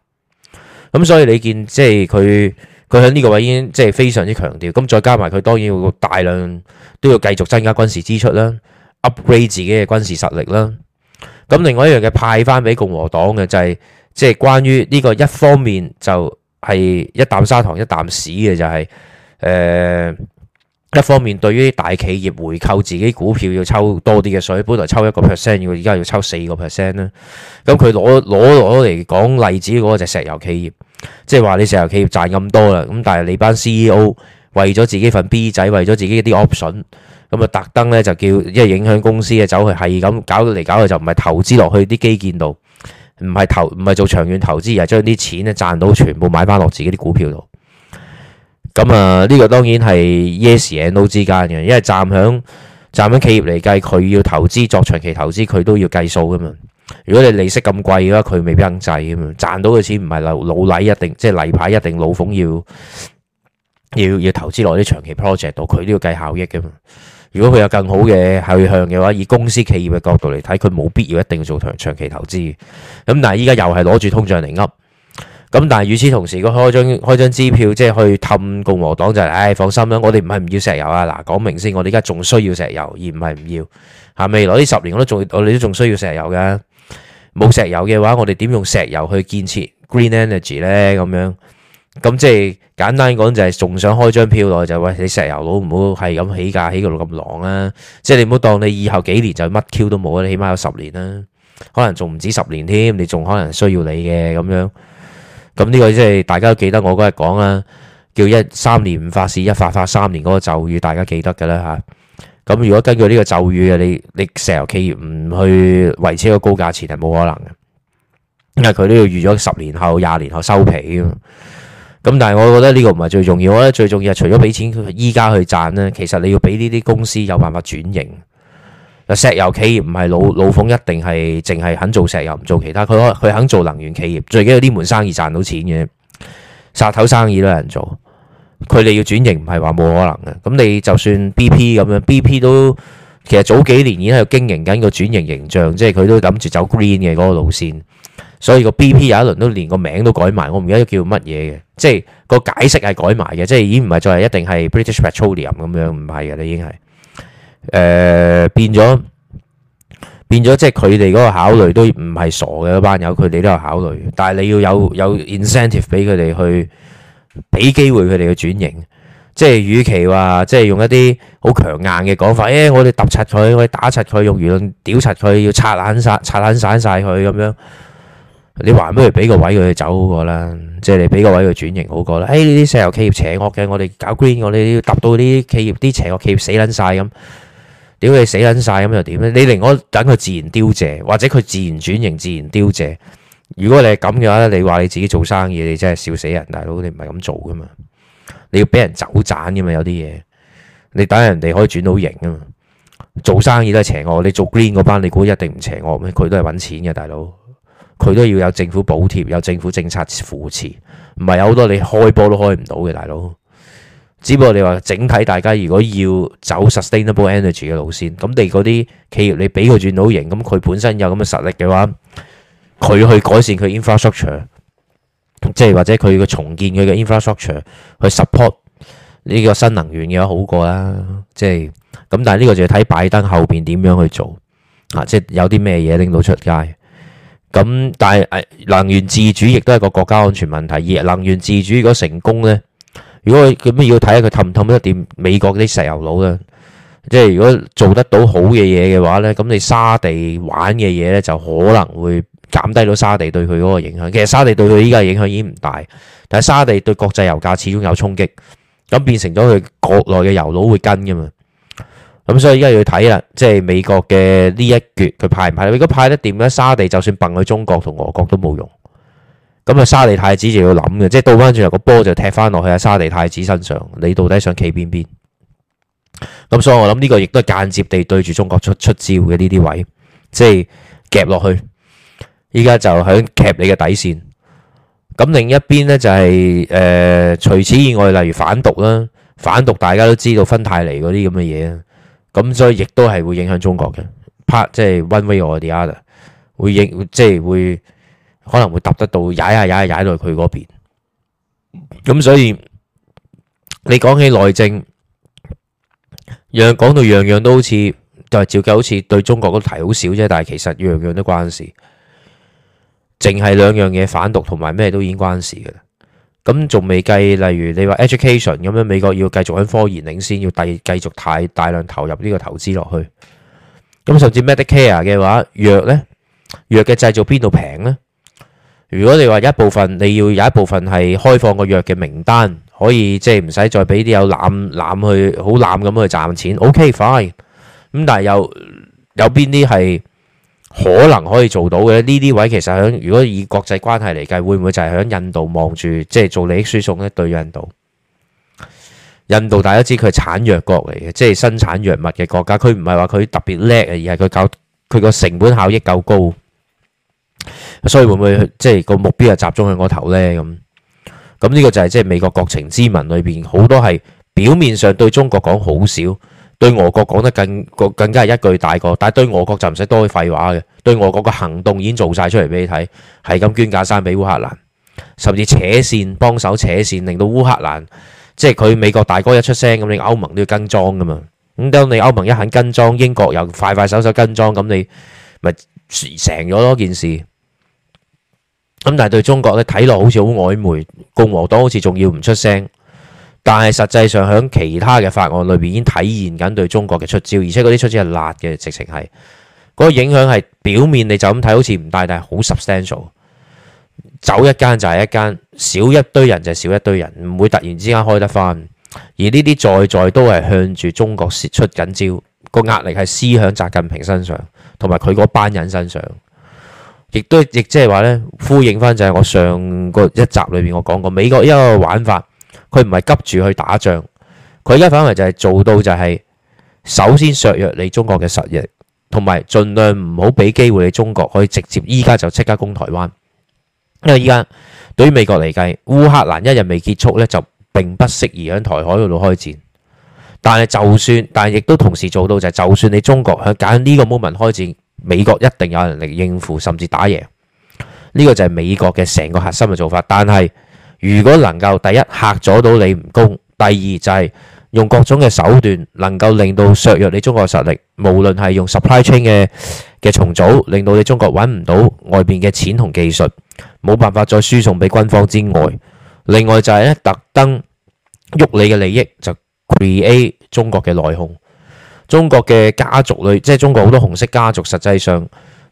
咁所以你見即係佢。佢喺呢個位已經即係非常之強調，咁再加埋佢當然要大量都要繼續增加軍事支出啦，upgrade 自己嘅軍事實力啦。咁另外一樣嘅派翻俾共和黨嘅就係即係關於呢個一方面就係一啖砂糖，一啖屎嘅就係、是、誒、呃、一方面對於大企業回購自己股票要抽多啲嘅水，本來抽一個 percent，而家要抽四個 percent 啦。咁佢攞攞攞嚟講例子嗰個就石油企業。即係話你成日企業賺咁多啦，咁但係你班 CEO 為咗自己份 B 仔，為咗自己啲 option，咁啊，特登呢就叫，因為影響公司嘅走去係咁搞到嚟搞去就唔係投資落去啲基建度，唔係投唔係做長遠投資，而係將啲錢咧賺到全部買翻落自己啲股票度。咁啊，呢個當然係 yes and no 之間嘅，因為站響站響企業嚟計，佢要投資作長期投資，佢都要計數噶嘛。如果你利息咁貴嘅話，佢未必肯制咁樣。賺到嘅錢唔係留老禮一定，即係例牌一定老，老奉要要要投資落啲長期 project 度，佢都要計效益嘅嘛。如果佢有更好嘅去向嘅話，以公司企業嘅角度嚟睇，佢冇必要一定要做長長期投資。咁但係依家又係攞住通脹嚟噏。咁但係與此同時，佢開張開張支票，即係去氹共和黨就係、是，唉、哎，放心啦，我哋唔係唔要石油啊。嗱，講明先，我哋而家仲需要石油，而唔係唔要吓。未來呢十年我，我都仲我哋都仲需要石油噶。冇石油嘅話，我哋點用石油去建設 green energy 呢？咁樣咁即係簡單講就係、是，仲想開張票落就喂你石油佬，唔好係咁起價，起個落咁狼啊！即係你唔好當你以後幾年就乜 Q 都冇啊，你起碼有十年啦、啊，可能仲唔止十年添，你仲可能需要你嘅咁樣。咁呢個即、就、係、是、大家都記得我嗰日講啦，叫一三年五發市一發發三年嗰個咒語，大家記得㗎啦嚇。啊咁如果根據呢個咒語啊，你你石油企業唔去維持個高價錢係冇可能嘅，因為佢都要預咗十年後、廿年後收皮啊。咁但係我覺得呢個唔係最重要，我覺得最重要係除咗俾錢，佢依家去賺咧，其實你要俾呢啲公司有辦法轉型。石油企業唔係老老奉一定係淨係肯做石油唔做其他，佢佢肯做能源企業，最緊要呢門生意賺到錢嘅，殺頭生意都有人做。佢哋要轉型唔係話冇可能嘅，咁你就算 BP 咁樣，BP 都其實早幾年已經喺度經營緊個轉型形象，即係佢都諗住走 green 嘅嗰個路線，所以個 BP 有一輪都連個名都改埋，我唔記得叫乜嘢嘅，即係個解釋係改埋嘅，即係已經唔係再係一定係 British Petroleum 咁樣，唔係嘅你，已經係誒變咗變咗，即係佢哋嗰個考慮都唔係傻嘅一班友，佢哋都有考慮，但係你要有有 incentive 俾佢哋去。俾機會佢哋去轉型，即係與其話即係用一啲好強硬嘅講法，誒我哋揼柒佢，我哋打柒佢，用輿論屌柒佢，要拆爛晒，拆爛散晒佢咁樣，你還不如俾個位佢走好過啦。即係你俾個位佢轉型好過啦。誒呢啲石油企業邪惡嘅，我哋搞 green，我哋要揼到啲企業，啲邪惡企業死撚晒。咁，屌你死撚晒，咁又點咧？你寧可等佢自然凋謝，或者佢自然轉型，自然凋謝。如果你係咁嘅話，你話你自己做生意，你真係笑死人！大佬，你唔係咁做噶嘛？你要俾人走盞噶嘛？有啲嘢，你等人哋可以轉到型啊嘛！做生意都係邪惡。你做 green 嗰班，你估一定唔邪惡咩？佢都係揾錢嘅，大佬。佢都要有政府補貼，有政府政策扶持。唔係有好多你開波都開唔到嘅，大佬。只不過你話整體大家，如果要走 sustainable energy 嘅路線，咁你嗰啲企業，你俾佢轉到型，咁佢本身有咁嘅實力嘅話。佢去改善佢 infrastructure，即係或者佢個重建佢嘅 infrastructure 去 support 呢個新能源嘅話好過啦，即係咁。但係呢個就係睇拜登後邊點樣去做啊，即係有啲咩嘢拎到出街。咁但係能源自主亦都係個國家安全問題。而能源自主如果成功咧，如果佢要睇下佢氹唔氹得掂美國啲石油佬啦。即係如果做得到好嘅嘢嘅話咧，咁你沙地玩嘅嘢咧就可能會。減低咗沙地對佢嗰個影響。其實沙地對佢依家嘅影響已經唔大，但係沙地對國際油價始終有衝擊，咁變成咗佢國內嘅油佬會跟噶嘛。咁、嗯、所以而家要睇啦，即係美國嘅呢一橛佢派唔派？如果派得掂嘅沙地，就算掟去中國同俄國都冇用。咁啊，沙地太子就要諗嘅，即係倒翻轉頭個波就踢翻落去喺沙地太子身上。你到底想企邊邊？咁、嗯、所以我諗呢個亦都係間接地對住中國出出招嘅呢啲位，即係夾落去。依家就響剎你嘅底線，咁另一邊咧就係誒，除此以外，例如反毒啦，反毒大家都知道芬太尼嗰啲咁嘅嘢啦，咁所以亦都係會影響中國嘅 part，即係 one way or the other，會影即係會可能會揼得到，踩下踩下踩到佢嗰邊，咁所以你講起內政，樣講到樣樣都好似就係照計好似對中國嗰題好少啫，但係其實樣樣都關事。淨係兩樣嘢反毒同埋咩都已經關事㗎啦，咁仲未計，例如你話 education 咁樣，美國要繼續喺科研領先，要繼繼續太大量投入呢個投資落去，咁甚至 Medicare 嘅話，藥呢，藥嘅製造邊度平呢？如果你話一部分你要有一部分係開放個藥嘅名單，可以即係唔使再俾啲有濫攬去好濫咁去賺錢，OK fine，咁但係有有邊啲係？可能可以做到嘅呢啲位，其實喺如果以國際關係嚟計，會唔會就係喺印度望住，即係做利益輸送呢？對印度，印度大家知係佢產藥國嚟嘅，即係生產藥物嘅國家。佢唔係話佢特別叻啊，而係佢搞佢個成本效益夠高，所以會唔會即係個目標係集中喺嗰頭呢？咁咁呢個就係即係美國國情咨文裏邊好多係表面上對中國講好少。對俄國講得更，更加係一句大過，但係對俄國就唔使多廢話嘅。對俄國個行動已經做晒，出嚟俾你睇，係咁捐架生俾烏克蘭，甚至扯線，幫手扯線，令到烏克蘭，即係佢美國大哥一出聲，咁你歐盟都要跟莊㗎嘛。咁當你歐盟一肯跟莊，英國又快快手手跟莊，咁你咪成咗呢件事。咁但係對中國咧，睇落好似好曖昧，共和黨好似仲要唔出聲。但係實際上喺其他嘅法案裏邊已經體現緊對中國嘅出招，而且嗰啲出招係辣嘅，直情係嗰個影響係表面你就咁睇好似唔大，但係好 substantial。走一間就係一間，少一堆人就少一堆人，唔會突然之間開得翻。而呢啲在在都係向住中國出緊招，個壓力係施喺習近平身上，同埋佢嗰班人身上，亦都亦即係話呢，呼應翻就係我上個一集裏面我講過美國一個玩法。佢唔係急住去打仗，佢而家反為就係做到就係首先削弱你中國嘅實力，同埋盡量唔好俾機會你中國可以直接依家就即刻攻台灣。因為依家對於美國嚟計，烏克蘭一日未結束呢，就並不適宜喺台海嗰度開戰。但係就算，但係亦都同時做到就係，就算你中國響揀呢個 moment 開戰，美國一定有人嚟應付，甚至打贏。呢個就係美國嘅成個核心嘅做法，但係。如果能夠第一嚇阻到你唔攻，第二就係用各種嘅手段能夠令到削弱你中國實力，無論係用 supply chain 嘅重組，令到你中國揾唔到外邊嘅錢同技術，冇辦法再輸送俾軍方之外，另外就係咧，特登喐你嘅利益，就 create 中國嘅內訌，中國嘅家族類，即係中國好多紅色家族，實際上。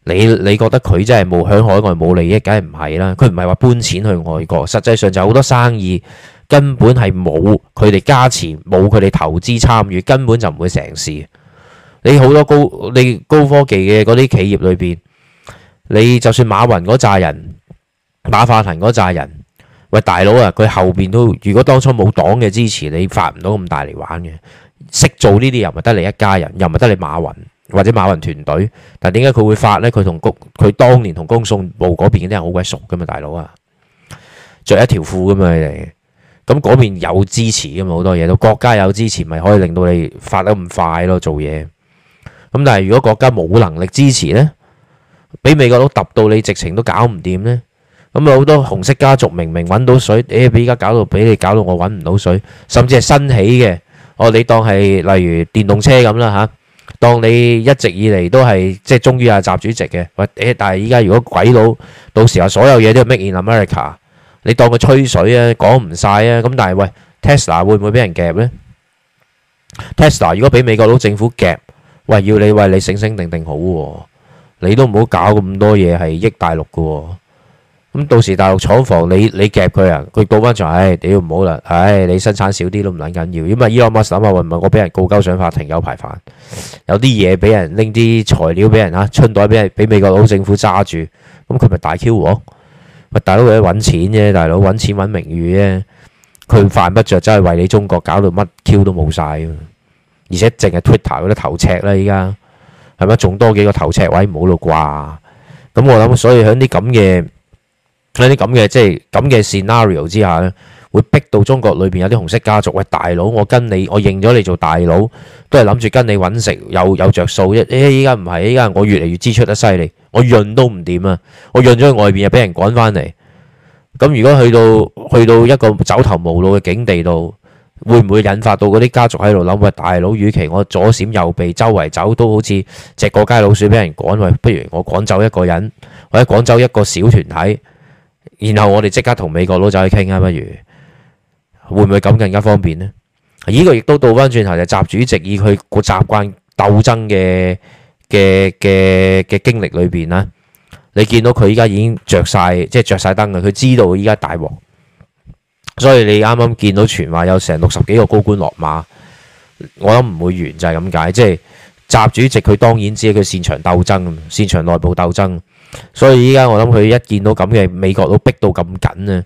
你你覺得佢真係冇喺海外冇利益，梗係唔係啦？佢唔係話搬錢去外國，實際上就好多生意根本係冇佢哋加持，冇佢哋投資參與，根本就唔會成事。你好多高你高科技嘅嗰啲企業裏邊，你就算馬雲嗰扎人，馬化騰嗰扎人，喂，大佬啊，佢後邊都如果當初冇黨嘅支持，你發唔到咁大嚟玩嘅。識做呢啲又咪得你一家人，又咪得你馬雲。或者馬雲團隊，但係點解佢會發呢？佢同佢當年同工信部嗰邊啲人好鬼熟噶嘛，大佬啊，着一條褲噶嘛你哋咁嗰邊有支持噶嘛，好多嘢都國家有支持，咪可以令到你發得咁快咯，做嘢。咁但係如果國家冇能力支持呢，俾美國佬揼到你，直情都搞唔掂呢。咁啊好多紅色家族明明揾到水，誒、哎，俾而家搞到俾你搞到我揾唔到水，甚至係新起嘅。哦，你當係例如電動車咁啦，吓。當你一直以嚟都係即係忠於阿習主席嘅，喂、欸，但係依家如果鬼佬到時候所有嘢都係 make in America，你當佢吹水啊，講唔晒啊，咁但係喂，Tesla 會唔會俾人夾呢？Tesla 如果俾美國佬政府夾，喂，要你為你醒醒定定好、啊，你都唔好搞咁多嘢係益大陸噶、啊。咁到時大陸廠房，你你夾佢啊？佢告翻場，唉，屌唔好啦，唉，你生產少啲都唔捻緊要，因為 Elon Musk 啊，唔係我俾人告鳩上法庭有排煩，有啲嘢俾人拎啲材料俾人嚇春袋，俾人俾美國佬政府揸住，咁佢咪大 Q 喎？大佬為咗揾錢啫，大佬揾錢揾名譽啫，佢犯不著真係為你中國搞到乜 Q 都冇晒，而且淨係 Twitter 嗰啲頭赤喇，依家係咪仲多幾個頭赤位唔好咯掛？咁我諗，所以喺啲咁嘅。喺啲咁嘅即係咁嘅 scenario 之下咧，會逼到中國裏邊有啲紅色家族喂大佬，我跟你我認咗你做大佬，都係諗住跟你揾食，有有着數啫。誒，依家唔係依家，我越嚟越支出得犀利，我潤都唔掂啊！我潤咗去外邊又俾人趕返嚟。咁如果去到去到一個走投無路嘅境地度，會唔會引發到嗰啲家族喺度諗喂，大佬，與其我左閃右避，周圍走都好似隻過街老鼠俾人趕，喂，不如我趕走一個人，或者趕走一個小團體。然後我哋即刻同美國佬仔去傾啊，不如會唔會咁更加方便呢？呢、這個亦都倒翻轉頭就是，習主席以佢個習慣鬥爭嘅嘅嘅嘅經歷裏邊啦，你見到佢依家已經着晒，即係着晒燈嘅，佢知道依家大鑊，所以你啱啱見到傳話有成六十幾個高官落馬，我諗唔會完就係咁解，即係習主席佢當然知佢擅長鬥爭，擅長內部鬥爭。所以依家我諗佢一見到咁嘅美國都逼到咁緊啊，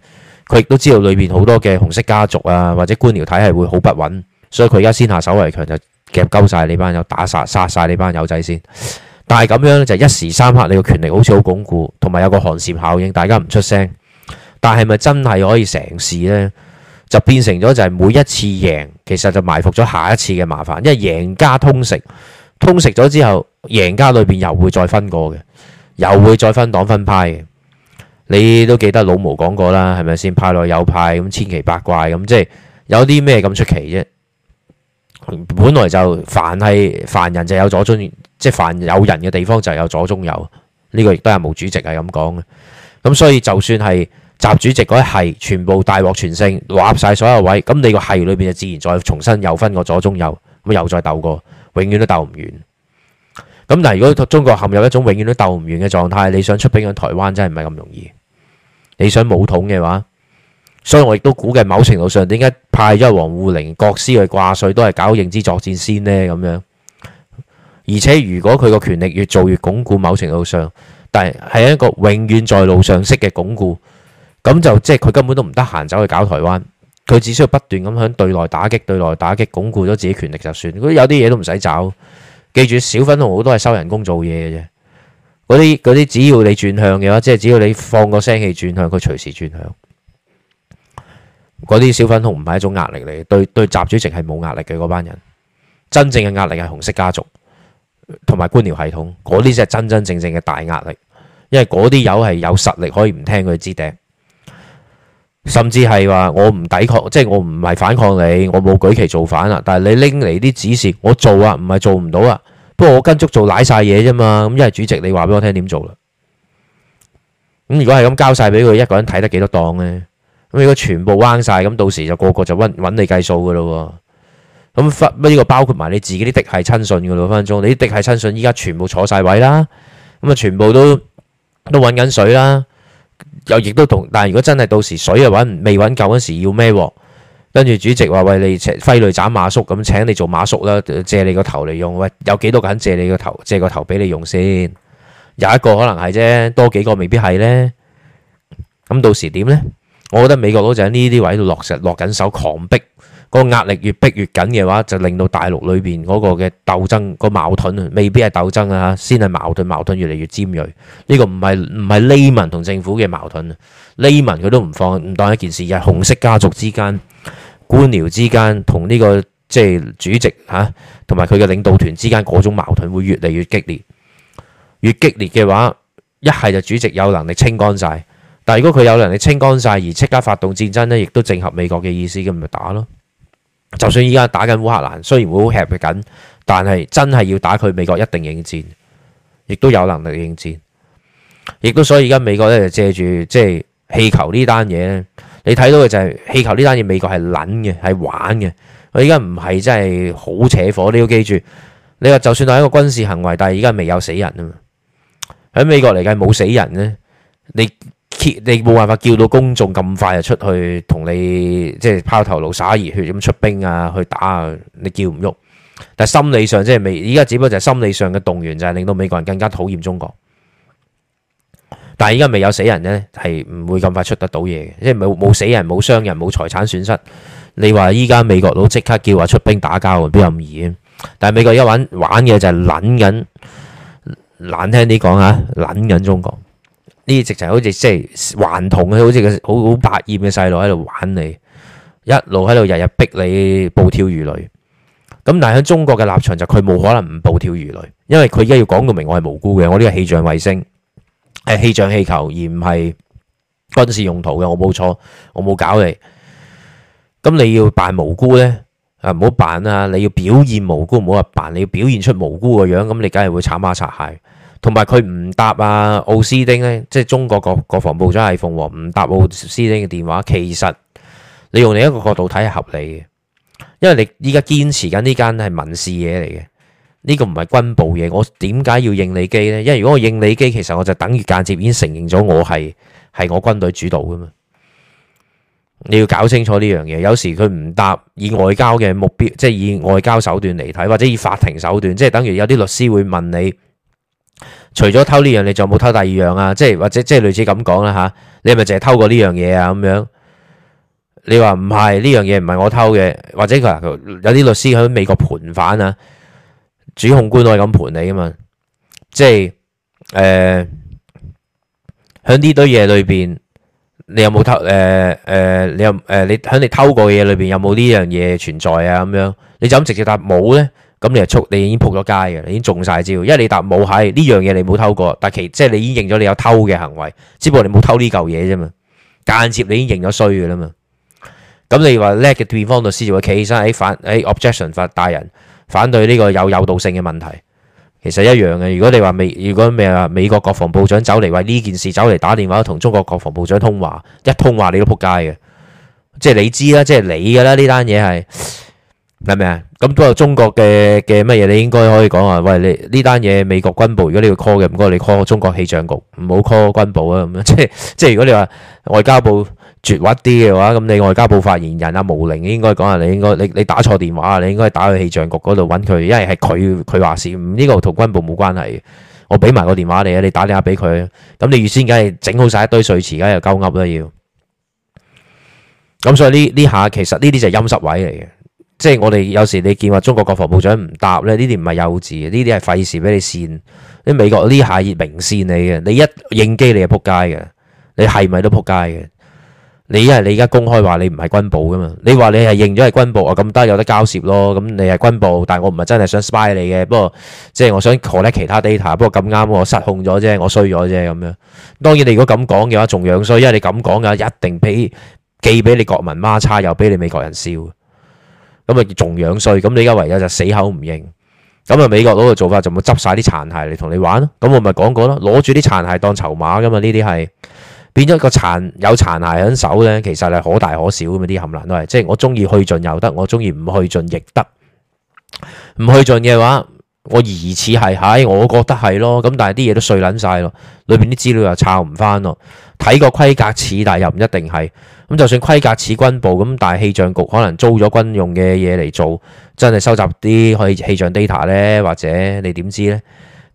佢亦都知道裏面好多嘅紅色家族啊或者官僚體系會好不穩，所以佢而家先下手為強，就夾鳩曬你班友，打殺殺曬你班友仔先。但係咁樣就一時三刻，你個權力好似好鞏固，同埋有個寒蟬效應，大家唔出聲。但係咪真係可以成事呢？就變成咗就係每一次贏，其實就埋伏咗下一次嘅麻煩，因為贏家通食，通食咗之後，贏家裏邊又會再分過嘅。又會再分黨分派嘅，你都記得老毛講過啦，係咪先？派內有派咁千奇百怪咁，即係有啲咩咁出奇啫？本來就凡係凡人就有左中，即係凡有人嘅地方就有左中右，呢、這個亦都係毛主席係咁講嘅。咁所以就算係習主席嗰一係全部大獲全勝，攬晒所有位，咁你個係裏邊就自然再重新又分個左中右，咁又再鬥過，永遠都鬥唔完。咁但係，如果中國陷入一種永遠都鬥唔完嘅狀態，你想出兵去台灣真係唔係咁容易。你想武統嘅話，所以我亦都估計某程度上點解派咗王滬寧、國師去掛帥都係搞認知作戰先咧咁樣。而且如果佢個權力越做越鞏固，某程度上，但係係一個永遠在路上式嘅鞏固，咁就即係佢根本都唔得閒走去搞台灣，佢只需要不斷咁響對內打擊、對內打擊鞏固咗自己權力就算。佢有啲嘢都唔使走。記住，小粉紅好多係收人工做嘢嘅啫。嗰啲嗰啲，只要你轉向嘅話，即係只要你放個聲氣轉向，佢隨時轉向。嗰啲小粉紅唔係一種壓力嚟，對對習主席係冇壓力嘅嗰班人。真正嘅壓力係紅色家族同埋官僚系統，嗰啲先係真真正正嘅大壓力。因為嗰啲有係有實力可以唔聽佢支笛。甚至係話我唔抵抗，即係我唔係反抗你，我冇舉旗造反啊！但係你拎嚟啲指示，我做啊，唔係做唔到啊。不過我跟足做，瀨晒嘢啫嘛。咁因為主席你話俾我聽點做啦。咁如果係咁交晒俾佢一個人睇得幾多檔咧？咁如果全部彎晒，咁到時就個個就揾揾你計數噶啦。咁呢個包括埋你自己啲嫡系親信噶啦，分分鐘你啲嫡系親信依家全部坐晒位啦，咁啊，全部都都揾緊水啦。又亦都同，但係如果真係到時水又揾未揾夠嗰時要咩？跟住主席話：喂，你揮淚斬馬叔咁，請你做馬叔啦，借你個頭嚟用。喂，有幾多個肯借你個頭？借個頭俾你用先。有一個可能係啫，多幾個未必係咧。咁到時點咧？我覺得美國佬就喺呢啲位度落實落緊手，狂逼。個壓力越逼越緊嘅話，就令到大陸裏邊嗰個嘅鬥爭個矛盾啊，未必係鬥爭啊，吓，先係矛盾，矛盾越嚟越尖銳。呢個唔係唔係黎民同政府嘅矛盾，黎民佢都唔放唔當一件事，而係紅色家族之間、官僚之間同呢個即係主席吓，同埋佢嘅領導團之間嗰種矛盾會越嚟越激烈。越激烈嘅話，一係就主席有能力清乾晒，但係如果佢有能力清乾晒而即刻發動戰爭咧，亦都正合美國嘅意思，咁咪打咯。就算依家打緊烏克蘭，雖然會好吃緊，但係真係要打佢，美國一定應戰，亦都有能力應戰，亦都所以而家美國咧就借住即係氣球呢單嘢咧，你睇到嘅就係氣球呢單嘢，美國係捻嘅，係玩嘅，我而家唔係真係好扯火，你要記住，你話就算係一個軍事行為，但係而家未有死人啊嘛，喺美國嚟計冇死人呢。你。你冇辦法叫到公眾咁快就出去同你即係拋頭顱灑熱血咁出兵啊去打啊，你叫唔喐。但係心理上即係未，依家只不過就係心理上嘅動員，就係令到美國人更加討厭中國。但係依家未有死人咧，係唔會咁快出得到嘢嘅，即係冇冇死人、冇傷人、冇財產損失。你話依家美國佬即刻叫話出兵打交，邊咁易啊？但係美國一玩玩嘢就係捻緊，難聽啲講吓，捻緊中國。呢啲直情好似即係頑童啊，好似個好好百厭嘅細路喺度玩你，一路喺度日日逼你暴跳如雷。咁但係喺中國嘅立場就佢冇可能唔暴跳如雷，因為佢而家要講到明我係無辜嘅，我呢個氣象衛星誒氣象氣球而唔係軍事用途嘅，我冇錯，我冇搞你。咁你要扮無辜呢？啊，唔好扮啊！你要表現無辜，唔好話扮，你要表現出無辜嘅樣，咁你梗係會踩馬擦鞋。同埋佢唔答啊奧斯汀呢，即係中國國國防部長係鳳凰唔答奧斯丁嘅電話。其實你用另一個角度睇係合理嘅，因為你依家堅持緊呢間係民事嘢嚟嘅，呢、呢個唔係軍部嘢。我點解要應你機呢？因為如果我應你機，其實我就等於間接已經承認咗我係係我軍隊主導噶嘛。你要搞清楚呢樣嘢。有時佢唔答，以外交嘅目標，即係以外交手段嚟睇，或者以法庭手段，即係等於有啲律師會問你。除咗偷呢樣、啊、樣，你仲有冇偷第二樣啊？即係或者即係類似咁講啦吓，你係咪淨係偷過呢樣嘢啊？咁樣，你話唔係呢樣嘢唔係我偷嘅，或者佢有啲律師喺美國盤反啊，主控官可以咁盤你㗎嘛？即係誒，喺、呃、呢堆嘢裏邊，你有冇偷誒誒、呃呃？你有誒、呃？你喺你偷過嘅嘢裏邊有冇呢樣嘢存在啊？咁樣，你就咁直接答冇咧。咁你就觸，你已經撲咗街嘅，你已經中晒招。因為你答冇係呢樣嘢，你冇偷過，但其即係你已經認咗你有偷嘅行為，只不過你冇偷呢嚿嘢啫嘛。間接你已經認咗衰嘅啦嘛。咁你話叻嘅辯方律師就會企起身，誒、哎、反，誒、哎、objection 法大人，反對呢個有誘導性嘅問題，其實一樣嘅。如果你話美，如果咩話美國國防部長走嚟，為呢件事走嚟打電話同中國國防部長通話，一通話你都撲街嘅。即係你知啦，即係你噶啦呢單嘢係。係咪啊？咁都係中國嘅嘅乜嘢？你應該可以講啊。喂，你呢單嘢美國軍部如果你要 call 嘅，唔該你 call 中國氣象局，唔好 call 軍部啊。咁即係即係，如果你話外交部絕核啲嘅話，咁你外交部發言人阿毛寧應該講啊。你應該你你打錯電話啊，你應該打去氣象局嗰度搵佢，因為係佢佢話事，呢個同軍部冇關係。我俾埋個電話你啊，你打一下俾佢。咁你預先梗係整好晒一堆碎錢，梗係夠噏啦，要咁所以呢呢下其實呢啲就係陰濕位嚟嘅。即係我哋有時你見話中國國防部長唔答咧，呢啲唔係幼稚，呢啲係費事俾你線。啲美國呢下係明線你嘅，你一應機你就撲街嘅，你係咪都撲街嘅？你係你而家公開話你唔係軍部噶嘛？你話你係認咗係軍部啊？咁得有得交涉咯？咁你係軍部，但係我唔係真係想 spy 你嘅，不過即係我想 collect 其他 data。不過咁啱我失控咗啫，我衰咗啫咁樣。當然你如果咁講嘅話，仲樣衰，因為你咁講嘅話一定俾寄俾你國民孖叉，又俾你美國人笑。咁咪仲樣衰，咁你而家唯有就死口唔認，咁啊美國佬嘅做法就會執晒啲殘骸嚟同你玩咯，咁我咪講過咯，攞住啲殘骸當籌碼噶嘛，呢啲係變咗個殘有殘骸喺手咧，其實係可大可小噶嘛，啲冚爛都係，即係我中意去盡又得，我中意唔去盡亦得，唔去盡嘅話。我疑似係喺，我覺得係咯，咁但係啲嘢,都碎捻晒咯，裏邊啲資料又抄唔翻咯，睇個規格似，但係又唔一定係。咁就算規格似軍部，咁但係氣象局可能租咗軍用嘅嘢嚟做，真係收集啲氣氣象 data 咧，或者你點知呢？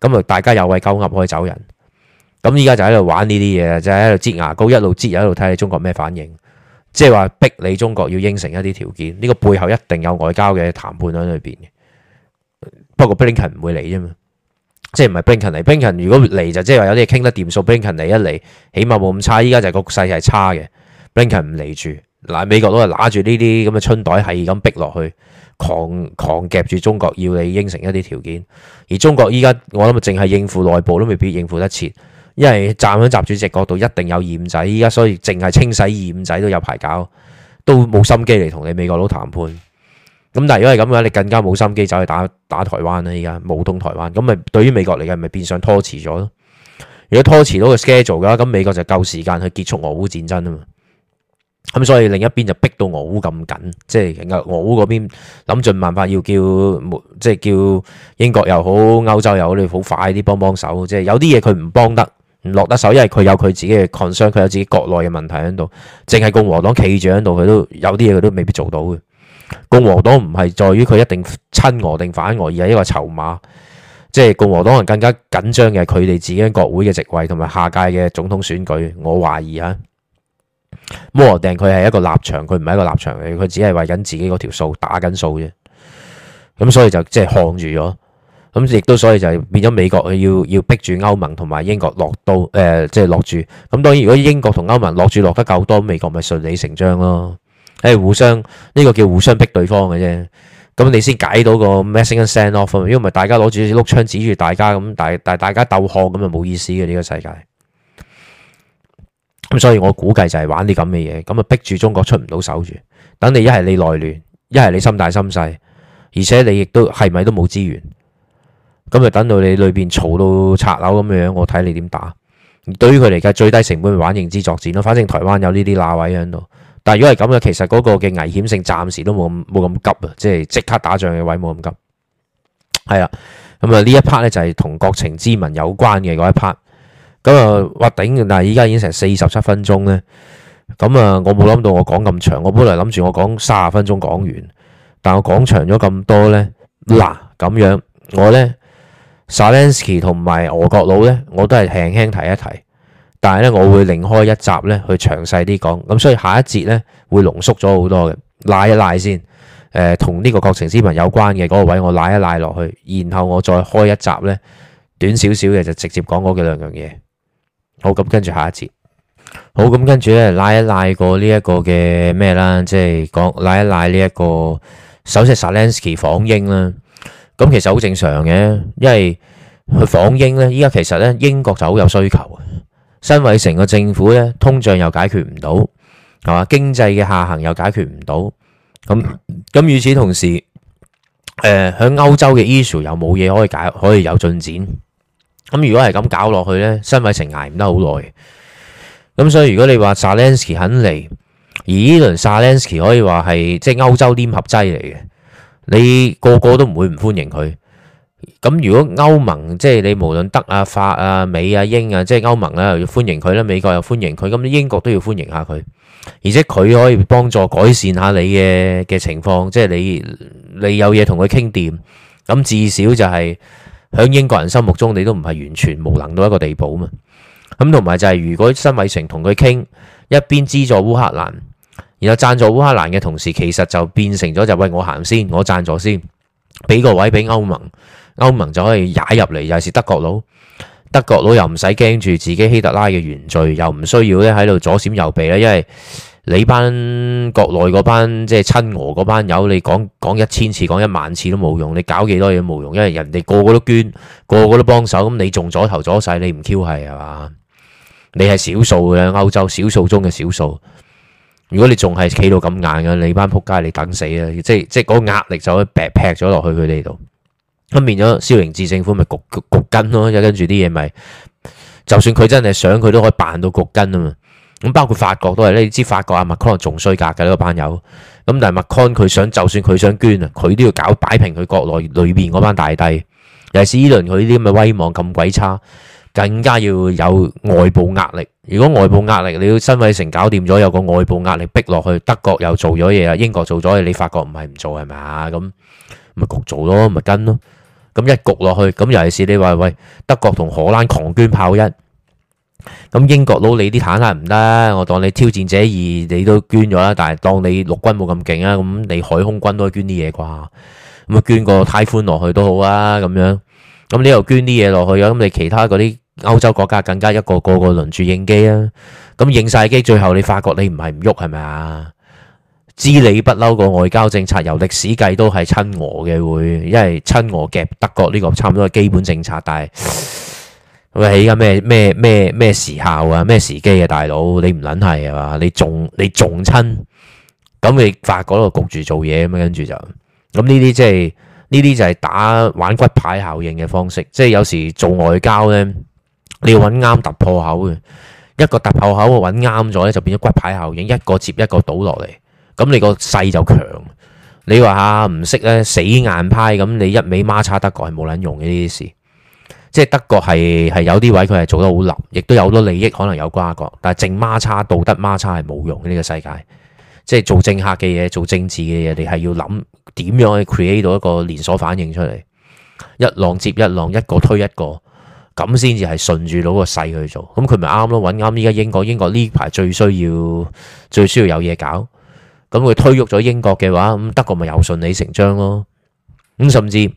咁啊，大家有位鳩鴨可以走人。咁依家就喺度玩呢啲嘢，就喺度擠牙膏，一路擠喺度睇你中國咩反應，即係話逼你中國要應承一啲條件，呢個背後一定有外交嘅談判喺裏邊不過 Blinken 唔會嚟啫嘛，即係唔係 Blinken 嚟？Blinken 如果嚟就即係話有啲嘢傾得掂數，Blinken 嚟一嚟，起碼冇咁差。依家就局勢係差嘅，Blinken 唔嚟住，嗱，美國佬拿住呢啲咁嘅春袋係咁逼落去，狂狂夾住中國要你應承一啲條件。而中國依家我諗淨係應付內部都未必應付得切，因為站喺習主席角度一定有鹽仔，依家所以淨係清洗鹽仔都有排搞，都冇心機嚟同你美國佬談判。咁但係如果係咁嘅話，你更加冇心機走去打打台灣啦。依家冇通台灣，咁咪對於美國嚟嘅咪變相拖遲咗咯。如果拖遲到個 schedule 嘅話，咁美國就夠時間去結束俄烏戰爭啊嘛。咁所以另一邊就逼到俄烏咁緊，即係俄烏嗰邊諗盡辦法要叫，即係叫英國又好，歐洲又好，你好快啲幫幫手。即係有啲嘢佢唔幫得，唔落得手，因為佢有佢自己嘅 concern，佢有自己國內嘅問題喺度。淨係共和黨企住喺度，佢都有啲嘢佢都未必做到嘅。共和黨唔係在於佢一定親俄定反俄，而係一個籌碼，即係共和黨人更加緊張嘅係佢哋自己國會嘅席位同埋下屆嘅總統選舉。我懷疑吓，摩羅定佢係一個立場，佢唔係一個立場嚟，佢只係為緊自己嗰條數打緊數啫。咁所以就即係、就是、看住咗，咁亦都所以就變咗美國要要逼住歐盟同埋英國落刀誒，即、呃、係、就是、落住。咁當然，如果英國同歐盟落住落得夠多，美國咪順理成章咯。誒、哎，互相呢個叫互相逼對方嘅啫，咁你先解到個 Mexican standoff。如果唔係，大家攞住碌槍指住大家咁，大大大家鬥喝咁就冇意思嘅呢個世界。咁所以我估計就係玩啲咁嘅嘢，咁啊逼住中國出唔到手住，等你一係你內亂，一係你心大心細，而且你亦都係咪都冇資源，咁啊等到你裏邊嘈到拆樓咁樣，我睇你點打。對於佢嚟嘅最低成本玩認知作戰咯，反正台灣有呢啲罅位喺度。但係如果係咁嘅，其實嗰個嘅危險性暫時都冇咁冇咁急啊，即係即刻打仗嘅位冇咁急，係啦。咁啊呢一 part 咧就係同國情之民有關嘅嗰一 part。咁啊挖頂，但係依家已經成四十七分鐘咧。咁、嗯、啊我冇諗到我講咁長，我本來諗住我講卅分鐘講完，但我講長咗咁多咧。嗱、啊、咁樣我咧，澤 s k i 同埋俄國佬咧，我都係輕輕睇一睇。但係咧，我會另開一集咧，去詳細啲講。咁所以下一節咧會濃縮咗好多嘅，瀨一瀨先。誒、呃，同呢個國情咨文有關嘅嗰個位，我瀨一瀨落去，然後我再開一集咧，短少少嘅就直接講嗰幾兩樣嘢。好，咁跟住下一節。好，咁跟住咧拉一瀨過呢一個嘅咩啦，即係講瀨一瀨呢一個，首先澤連斯基訪英啦，咁其實好正常嘅，因為佢訪英咧，依家其實咧英國就好有需求新偉城嘅政府咧，通脹又解決唔到，係嘛？經濟嘅下行又解決唔到，咁咁與此同時，誒、呃、喺歐洲嘅 issue 又冇嘢可以解，可以有進展。咁如果係咁搞落去咧，新偉城捱唔得好耐。咁所以如果你話薩林斯 y 肯嚟，而呢輪薩林斯 y 可以話係即係歐洲黏合劑嚟嘅，你個個都唔會唔歡迎佢。咁如果歐盟即係你無論德啊、法啊、美啊、英啊，即係歐盟咧又要歡迎佢啦，美國又歡迎佢，咁英國都要歡迎下佢，而且佢可以幫助改善下你嘅嘅情況，即係你你有嘢同佢傾掂，咁至少就係響英國人心目中你都唔係完全無能到一個地步啊嘛，咁同埋就係如果辛偉誠同佢傾，一邊資助烏克蘭，然後贊助烏克蘭嘅同時，其實就變成咗就喂我先行先，我先贊助先，俾個位俾歐盟。歐盟就可以踩入嚟，又是德國佬，德國佬又唔使驚住自己希特拉嘅原罪，又唔需要咧喺度左閃右避咧，因為你班國內嗰班即係親俄嗰班友，你講講一千次，講一萬次都冇用，你搞幾多嘢冇用，因為人哋個個都捐，個個都幫手，咁你仲左頭左勢，你唔 Q 係係嘛？你係少數嘅歐洲少數中嘅少數，如果你仲係企到咁硬嘅，你班仆街你等死啊！即係即係嗰個壓力就一劈劈咗落去佢哋度。咁變咗，消融至政府咪焗焗焗跟咯，又跟住啲嘢咪，就算佢真係想，佢都可以扮到焗跟啊嘛。咁包括法國都係，你知法國阿 Macron 仲衰格嘅呢個班友。咁但係 Macron 佢想，就算佢想捐啊，佢都要搞擺平佢國內裏邊嗰班大帝。尤其是呢輪佢呢啲咁嘅威望咁鬼差，更加要有外部壓力。如果外部壓力，你要新偉成搞掂咗，有個外部壓力逼落去，德國又做咗嘢啦，英國做咗嘢，你法國唔係唔做係嘛？咁咪焗做咯，咪跟咯。咁一焗落去，咁尤其是你話喂德國同荷蘭狂捐炮一，咁英國佬你啲坦克唔得，我當你挑戰者二你都捐咗啦，但係當你陸軍冇咁勁啊，咁你海空軍都可以捐啲嘢啩，咁啊捐個太寬落去都好啊，咁樣，咁你又捐啲嘢落去啊，咁你其他嗰啲歐洲國家更加一個個個輪住應機啊，咁應晒機最後你發覺你唔係唔喐係咪啊？知你不嬲個外交政策，由歷史計都係親俄嘅會，因為親俄夾德國呢個差唔多係基本政策。但係喂，依家咩咩咩咩時效啊，咩時機啊，大佬你唔撚係啊，你仲你仲親咁？你發覺個局住做嘢咁啊，跟住就咁呢啲即係呢啲就係、是、打玩骨牌效應嘅方式。即、就、係、是、有時做外交呢，你要揾啱突破口嘅一個突破口，揾啱咗呢，就變咗骨牌效應，一個接一個倒落嚟。咁你個勢就強。你話嚇唔識咧死硬派咁，你一味孖叉德國係冇撚用嘅呢啲事。即係德國係係有啲位佢係做得好腍，亦都有好多利益可能有瓜葛，但係淨孖叉道德孖叉係冇用嘅呢個世界。即係做政客嘅嘢，做政治嘅嘢，你係要諗點樣去 create 到一個連鎖反應出嚟，一浪接一浪，一個推一個咁先至係順住到個勢去做。咁佢咪啱咯？揾啱依家英國，英國呢排最需要最需要有嘢搞。咁佢推喐咗英國嘅話，咁德國咪又順理成章咯。咁甚至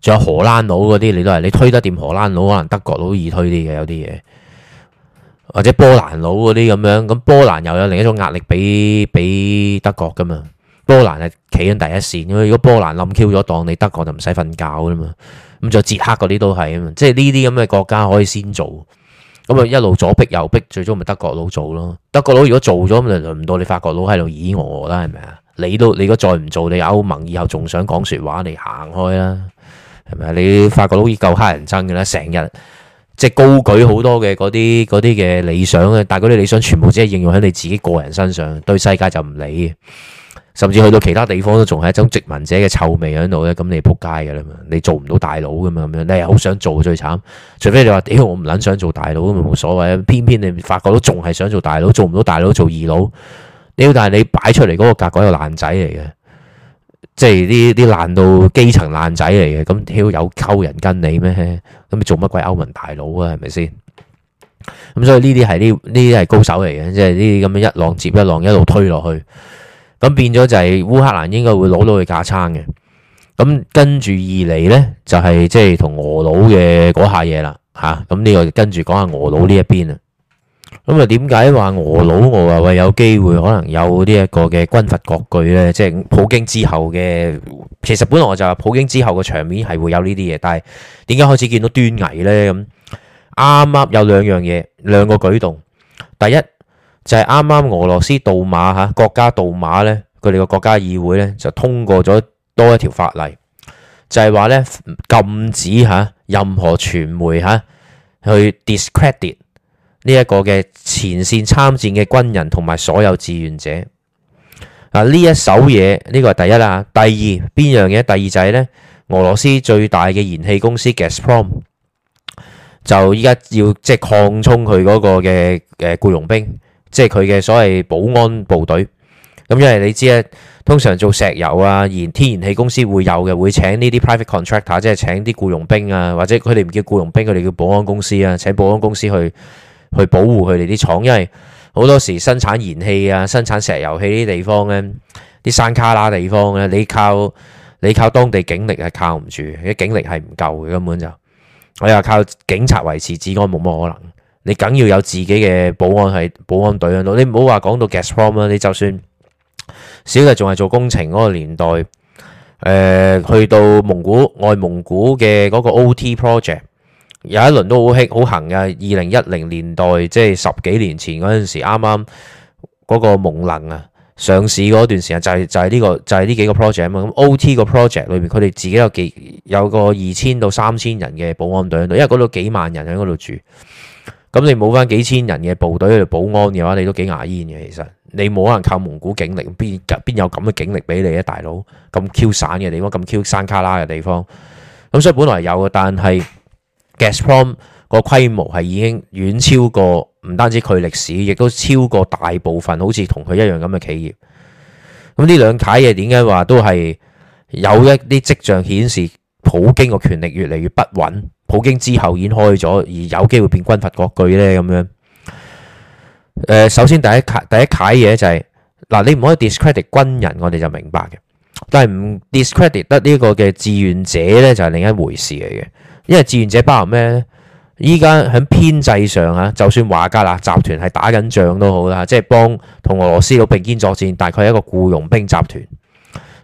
仲有荷蘭佬嗰啲，你都係你推得掂荷蘭佬，可能德國佬易推啲嘅，有啲嘢或者波蘭佬嗰啲咁樣，咁波蘭又有另一種壓力俾俾德國噶嘛。波蘭係企緊第一線，因為如果波蘭冧 Q 咗檔，當你德國就唔使瞓覺噶啦嘛。咁仲有捷克嗰啲都係啊，即係呢啲咁嘅國家可以先做。咁啊，一路左逼右逼，最終咪德國佬做咯。德國佬如果做咗，咁就輪唔到你法國佬喺度咦我啦，係咪啊？你都你如果再唔做，你歐盟以後仲想講說話，你行開啦，係咪？你法國佬已夠黑人憎噶啦，成日即係高舉好多嘅嗰啲嗰啲嘅理想啊，但係嗰啲理想全部只係應用喺你自己個人身上，對世界就唔理。甚至去到其他地方都仲係一種殖民者嘅臭味喺度咧，咁你仆街嘅啦嘛，你做唔到大佬嘅嘛咁樣，你又好想做最慘，除非你話屌我唔撚想做大佬咁，冇所謂。偏偏你發覺都仲係想做大佬，做唔到大佬做二佬，屌！但係你擺出嚟嗰個格，嗰個爛仔嚟嘅，即係呢啲爛到基層爛仔嚟嘅，咁屌有溝人跟你咩？咁做乜鬼歐盟大佬啊？係咪先？咁所以呢啲係呢呢啲係高手嚟嘅，即係呢啲咁樣一浪接一浪一路推落去。咁變咗就係烏克蘭應該會攞到佢架撐嘅，咁跟住二嚟呢，就係即係同俄佬嘅嗰下嘢啦嚇，咁呢個跟住講下俄佬呢一邊啊，咁啊點解話俄佬我話會有機會可能有呢一個嘅軍閥割據呢？即係普京之後嘅，其實本來我就話普京之後嘅場面係會有呢啲嘢，但係點解開始見到端倪呢？咁啱啱有兩樣嘢兩個舉動，第一。就係啱啱俄羅斯杜馬吓，國家杜馬咧，佢哋嘅國家議會咧就通過咗多一條法例，就係話咧禁止吓任何傳媒吓去 discredit 呢一個嘅前線參戰嘅軍人同埋所有志願者。啊，呢一手嘢呢個係第一啦，第二邊樣嘢？第二就係咧俄羅斯最大嘅燃氣公司 Gazprom 就依家要即係擴充佢嗰、嗰個嘅嘅、呃、僱傭兵。即係佢嘅所謂保安部隊，咁因為你知咧，通常做石油啊、燃天然氣公司會有嘅，會請呢啲 private contractor，即係請啲僱傭兵啊，或者佢哋唔叫僱傭兵，佢哋叫保安公司啊，請保安公司去去保護佢哋啲廠，因為好多時生產燃氣啊、生產石油氣呢啲地方呢，啲山卡拉地方咧，你靠你靠當地警力係靠唔住，啲警力係唔夠嘅根本就，我又靠警察維持治安冇乜可能。你梗要有自己嘅保安係保安隊喺度。你唔好話講到 Gazprom 啦，你就算小弟仲係做工程嗰個年代，誒、呃、去到蒙古外蒙古嘅嗰個 O T project 有一輪都好興好行嘅。二零一零年代即係十幾年前嗰陣時，啱啱嗰個蒙能啊上市嗰段時間，就係、是、就係、是、呢、這個就係、是、呢幾個 project 啊 pro。咁 O T 個 project 裏邊佢哋自己有幾有個二千到三千人嘅保安隊喺度，因為嗰度幾萬人喺嗰度住。咁你冇翻幾千人嘅部隊喺度保安嘅話，你都幾牙煙嘅。其實你冇可能靠蒙古警力，邊邊有咁嘅警力俾你啊，大佬咁 Q 散嘅地方，咁 Q 山卡拉嘅地方。咁所以本來有嘅，但係 Gazprom 咁個規模係已經遠超過唔單止佢歷史，亦都超過大部分好似同佢一樣咁嘅企業。咁呢兩睇嘢點解話都係有一啲跡象顯示普京個權力越嚟越不穩？普京之後已經開咗，而有機會變軍閥割據呢。咁樣。誒，首先第一啓第一嘢就係、是、嗱，你唔可以 discredit 軍人，我哋就明白嘅。但係唔 discredit 得呢個嘅志願者呢，就係另一回事嚟嘅。因為志願者包含咩咧？依家喺編制上啊，就算瓦格納集團係打緊仗都好啦，即、就、係、是、幫同俄羅斯佬並肩作戰，但係佢係一個僱傭兵集團，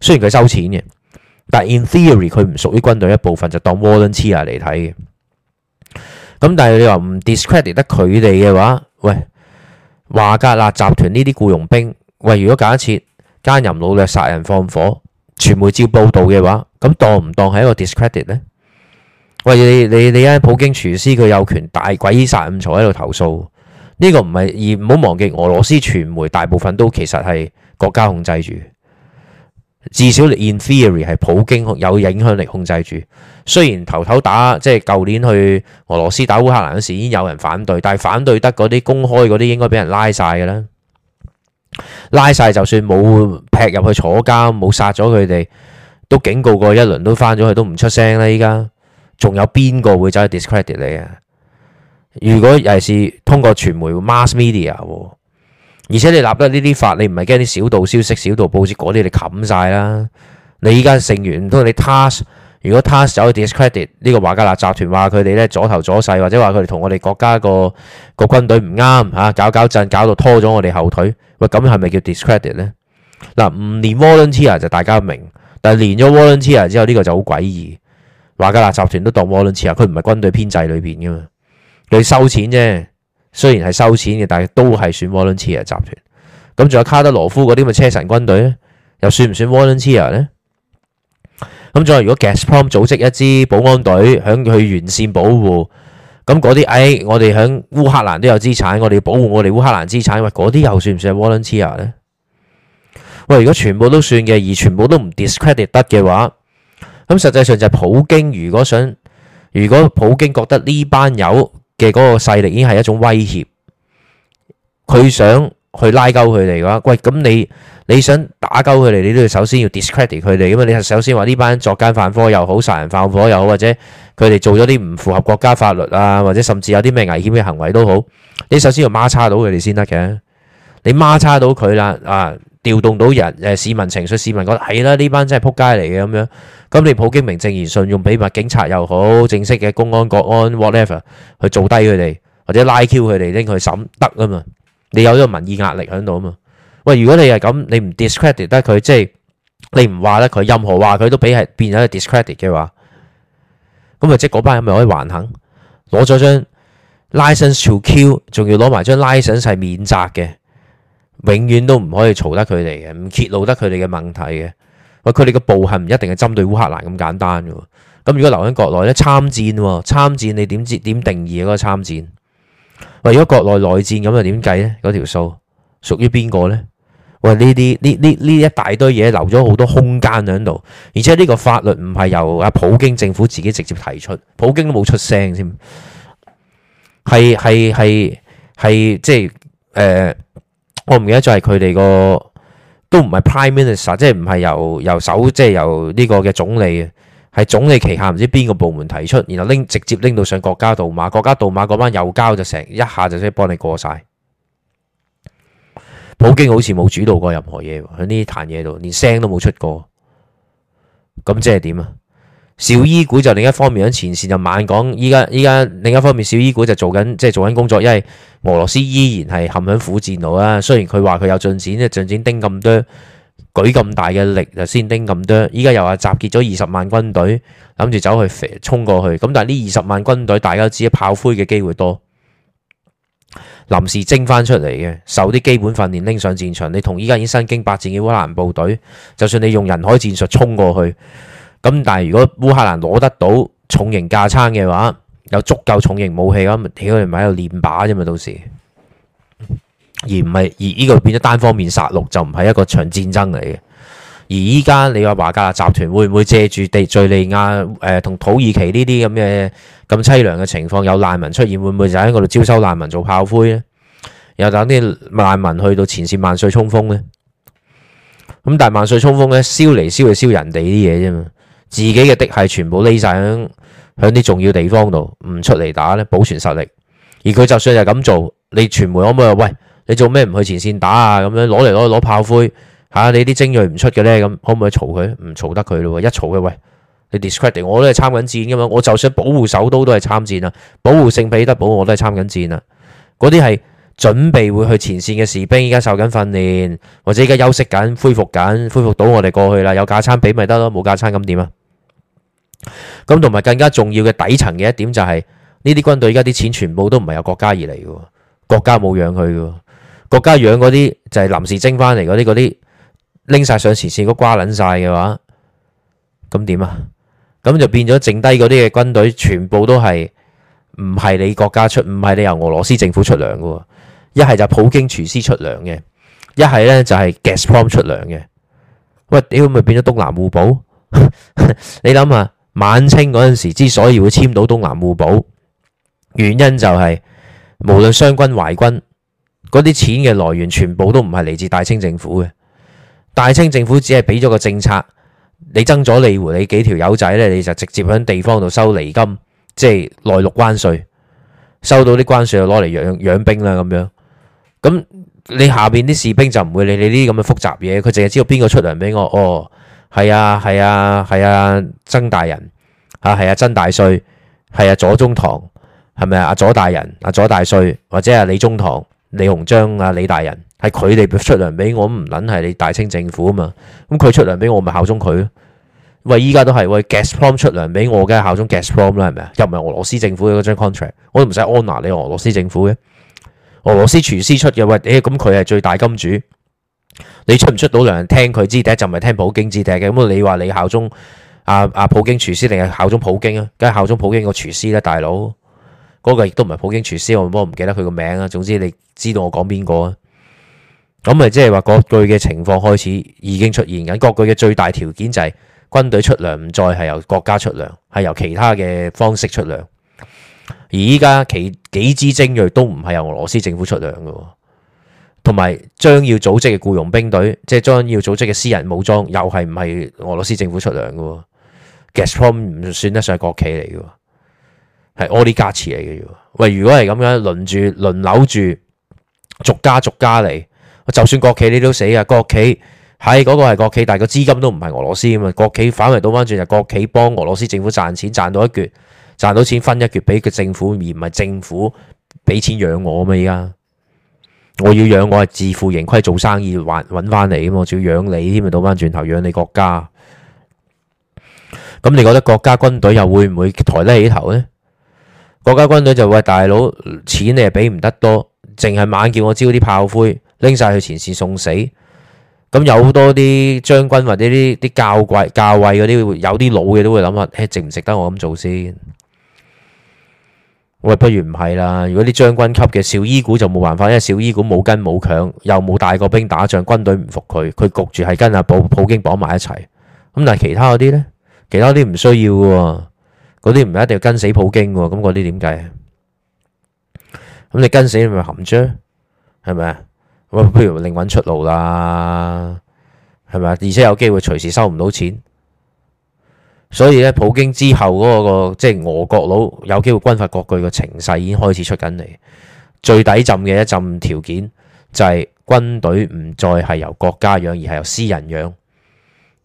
雖然佢收錢嘅。但係 in theory 佢唔屬於軍隊一部分，就當 volunteer 嚟睇嘅。咁但係你話唔 discredit 得佢哋嘅話，喂，華格納集團呢啲僱傭兵，喂，如果假設奸淫擄掠、殺人放火，傳媒照報道嘅話，咁當唔當係一個 discredit 呢？喂，你你你啊，你普京廚師佢有權大鬼殺咁坐喺度投訴，呢、呢個唔係，而唔好忘記俄羅斯傳媒大部分都其實係國家控制住。至少 in theory 係普京有影響力控制住。雖然頭頭打，即係舊年去俄羅斯打烏克蘭時已經有人反對，但係反對得嗰啲，公開嗰啲應該俾人拉晒嘅啦。拉晒就算冇劈入去坐監冇殺咗佢哋，都警告過一輪都翻咗去都唔出聲啦。依家仲有邊個會走去 discredit 你啊？如果尤其是通過傳媒 mass media 而且你立得呢啲法，你唔係驚啲小道消息、小道報紙嗰啲你冚晒啦。你依家成員唔通你 task，如果 task 走去 discredit 呢個華格納集團，話佢哋咧左頭左勢，或者話佢哋同我哋國家個個軍隊唔啱嚇，搞搞震搞到拖咗我哋後腿，喂咁係咪叫 discredit 咧？嗱唔連 volunteer 就大家明，但係連咗 volunteer 之後呢個就好詭異，華格納集團都當 volunteer，佢唔係軍隊編制裏邊嘅嘛，佢收錢啫。雖然係收錢嘅，但係都係算 volunteer 集團。咁仲有卡德羅夫嗰啲咪車神軍隊咧，又算唔算 volunteer 咧？咁再如果 Gazprom 組織一支保安隊響佢完善保護，咁嗰啲唉，我哋響烏克蘭都有資產，我哋要保護我哋烏克蘭資產，喂，嗰啲又算唔算 volunteer 咧？喂，如果全部都算嘅，而全部都唔 discredit 得嘅話，咁實際上就係普京如果想，如果普京覺得呢班友，嘅嗰個勢力已經係一種威脅，佢想去拉鳩佢哋嘅話，喂，咁你你想打鳩佢哋，你都要首先要 discredit 佢哋，咁啊，你首先話呢班作奸犯科又好，殺人放火又好，或者佢哋做咗啲唔符合國家法律啊，或者甚至有啲咩危險嘅行為都好，你首先要孖叉到佢哋先得嘅，你孖叉到佢啦啊！調動到人，誒，市民情緒，市民覺得係啦，呢班真係撲街嚟嘅，咁樣，咁你普京名正言順用秘密警察又好，正式嘅公安國安 whatever 去做低佢哋，或者拉 Q 佢哋，拎佢去審得啊嘛，你有呢個民意壓力喺度啊嘛。喂，如果你係咁，你唔 discredit 得佢，即係你唔話咧佢任何話佢都俾係變咗係 discredit 嘅話，咁啊即係嗰班人咪可以橫行，攞咗張 license to Q，仲要攞埋張 license 係免責嘅。永遠都唔可以嘈得佢哋嘅，唔揭露得佢哋嘅問題嘅。喂，佢哋嘅暴行唔一定係針對烏克蘭咁簡單嘅。咁如果留喺國內咧，參戰喎，參戰你點知點定義嗰個參戰？喂，如果國內內戰咁又點計咧？嗰條數屬於邊個咧？喂，呢啲呢呢呢一大堆嘢留咗好多空間喺度，而且呢個法律唔係由阿普京政府自己直接提出，普京都冇出聲先。係係係係即係誒。呃我唔記得就係佢哋個都唔係 Prime Minister，即係唔係由由首即係由呢個嘅總理啊，係總理旗下唔知邊個部門提出，然後拎直接拎到上國家杜馬，國家杜馬嗰班右膠就成一下就即係幫你過晒。普京好似冇主導過任何嘢喺呢壇嘢度，連聲都冇出過，咁即係點啊？紹伊古就另一方面喺前線就猛講，依家依家另一方面紹伊古就做緊即係做緊工作，因為俄羅斯依然係陷響苦戰度啊。雖然佢話佢有進展，即係進展丁咁多，舉咁大嘅力就先丁咁多。依家又話集結咗二十萬軍隊，諗住走去衝過去。咁但係呢二十萬軍隊，大家知炮灰嘅機會多，臨時徵翻出嚟嘅，受啲基本訓練拎上戰場，你同依家已經身經百戰嘅烏蘭部隊，就算你用人海戰術衝過去。咁但係如果烏克蘭攞得到重型架撐嘅話，有足夠重型武器咁，起佢咪喺度練靶啫嘛！到時，而唔係而呢個變咗單方面殺戮，就唔係一個長戰爭嚟嘅。而依家你話華格納集團會唔會借住地敘利亞誒同土耳其呢啲咁嘅咁淒涼嘅情況有難民出現，會唔會就喺嗰度招收難民做炮灰呢？又等啲難民去到前線萬歲衝鋒呢？咁但係萬歲衝鋒呢，燒嚟燒去燒人哋啲嘢啫嘛～自己嘅嫡系全部匿晒喺啲重要地方度，唔出嚟打咧，保存實力。而佢就算係咁做，你傳媒可唔可以話，喂，你做咩唔去前線打啊？咁樣攞嚟攞去攞炮灰嚇、啊，你啲精鋭唔出嘅咧，咁可唔可以嘈佢？唔嘈得佢咯，一嘈嘅喂，你 discredit 我都係參緊戰㗎嘛。我就算保護首都都係參戰啦，保護聖彼得堡我都係參緊戰啦。嗰啲係準備會去前線嘅士兵，依家受緊訓練，或者依家休息緊、恢復緊、恢復到我哋過去啦。有加餐俾咪得咯，冇加餐咁點啊？咁同埋更加重要嘅底層嘅一點就係呢啲軍隊依家啲錢全部都唔係由國家而嚟嘅，國家冇養佢嘅，國家養嗰啲就係臨時徵翻嚟嗰啲，嗰啲拎晒上前線嗰瓜撚晒嘅話，咁點啊？咁就變咗剩低嗰啲嘅軍隊全部都係唔係你國家出，唔係你由俄羅斯政府出糧嘅，一係就普京廚師出糧嘅，一係咧就係 Gazprom 出糧嘅。喂，屌咪變咗東南互保？你諗下？晚清嗰陣時之所以會簽到東南互保，原因就係無論湘軍、淮軍嗰啲錢嘅來源，全部都唔係嚟自大清政府嘅。大清政府只係俾咗個政策，你曾左李胡，你幾條友仔咧，你就直接喺地方度收釐金，即係內陸關稅，收到啲關稅就攞嚟養養兵啦咁樣。咁你下邊啲士兵就唔會理你呢啲咁嘅複雜嘢，佢淨係知道邊個出糧俾我哦。係啊，係啊，係啊，曾大人啊，係啊，曾大帥，係啊，左宗棠，係咪啊？阿左大人，阿左大帥，或者阿李宗棠、李鴻章，阿李大人，係佢哋出糧俾我，唔捻係你大清政府啊嘛？咁佢出糧俾我，咪效忠佢咯？喂，依家都係喂 Gazprom 出糧俾我，梗係效忠 Gazprom 啦，係咪啊？又唔係俄羅斯政府嘅嗰張 contract，我都唔使安娜你俄羅斯政府嘅，俄羅斯廚師出嘅喂，誒、欸，咁佢係最大金主。你出唔出到糧？聽佢支笛，就唔係聽普京支笛嘅。咁你話你效忠阿阿普京廚師，定係效忠普京啊？梗係效忠普京個廚師啦，大佬。嗰、個亦都唔係普京廚師，我唔好唔記得佢個名啊。總之你知道我講邊個啊？咁咪即係話割據嘅情況開始已經出現緊。割據嘅最大條件就係軍隊出糧唔再係由國家出糧，係由其他嘅方式出糧。而依家幾幾支精銳都唔係由俄羅斯政府出糧噶。同埋將要組織嘅僱傭兵隊，即係將要組織嘅私人武裝，又係唔係俄羅斯政府出糧嘅？Gazprom 唔算得上係國企嚟嘅，係奧利加茨嚟嘅。喎喂，如果係咁樣，輪住輪流住逐家逐家嚟，就算國企你都死啊！國企喺嗰、嗰個係國企，但係個資金都唔係俄羅斯啊嘛。國企反圍到翻轉就國企幫俄羅斯政府賺錢賺到一橛，賺到錢分一橛俾個政府，而唔係政府俾錢養我啊嘛！依家。我要養我係自負盈虧做生意，還搵返嚟啊嘛！仲要養你添啊，倒翻轉頭養你國家。咁你覺得國家軍隊又會唔會抬得起頭呢？國家軍隊就，喂大佬，錢你又俾唔得多，淨係猛叫我招啲炮灰，拎晒去前線送死。咁有好多啲將軍或者啲啲教貴教尉嗰啲，有啲老嘅都會諗啊，欸，值唔值得我咁做先？喂，不如唔係啦。如果啲將軍級嘅小醫股就冇辦法，因為小醫股冇根冇強，又冇帶過兵打仗，軍隊唔服佢，佢焗住係跟阿普普京綁埋一齊。咁但係其他嗰啲呢？其他啲唔需要嘅，嗰啲唔係一定要跟死普京嘅。咁嗰啲點計？咁你跟死咪含張，係咪啊？不如另揾出路啦，係咪啊？而且有機會隨時收唔到錢。所以咧，普京之後嗰、嗰個即係俄國佬有機會軍閥割據嘅情勢，已經開始出緊嚟。最底浸嘅一浸條件就係軍隊唔再係由國家養，而係由私人養，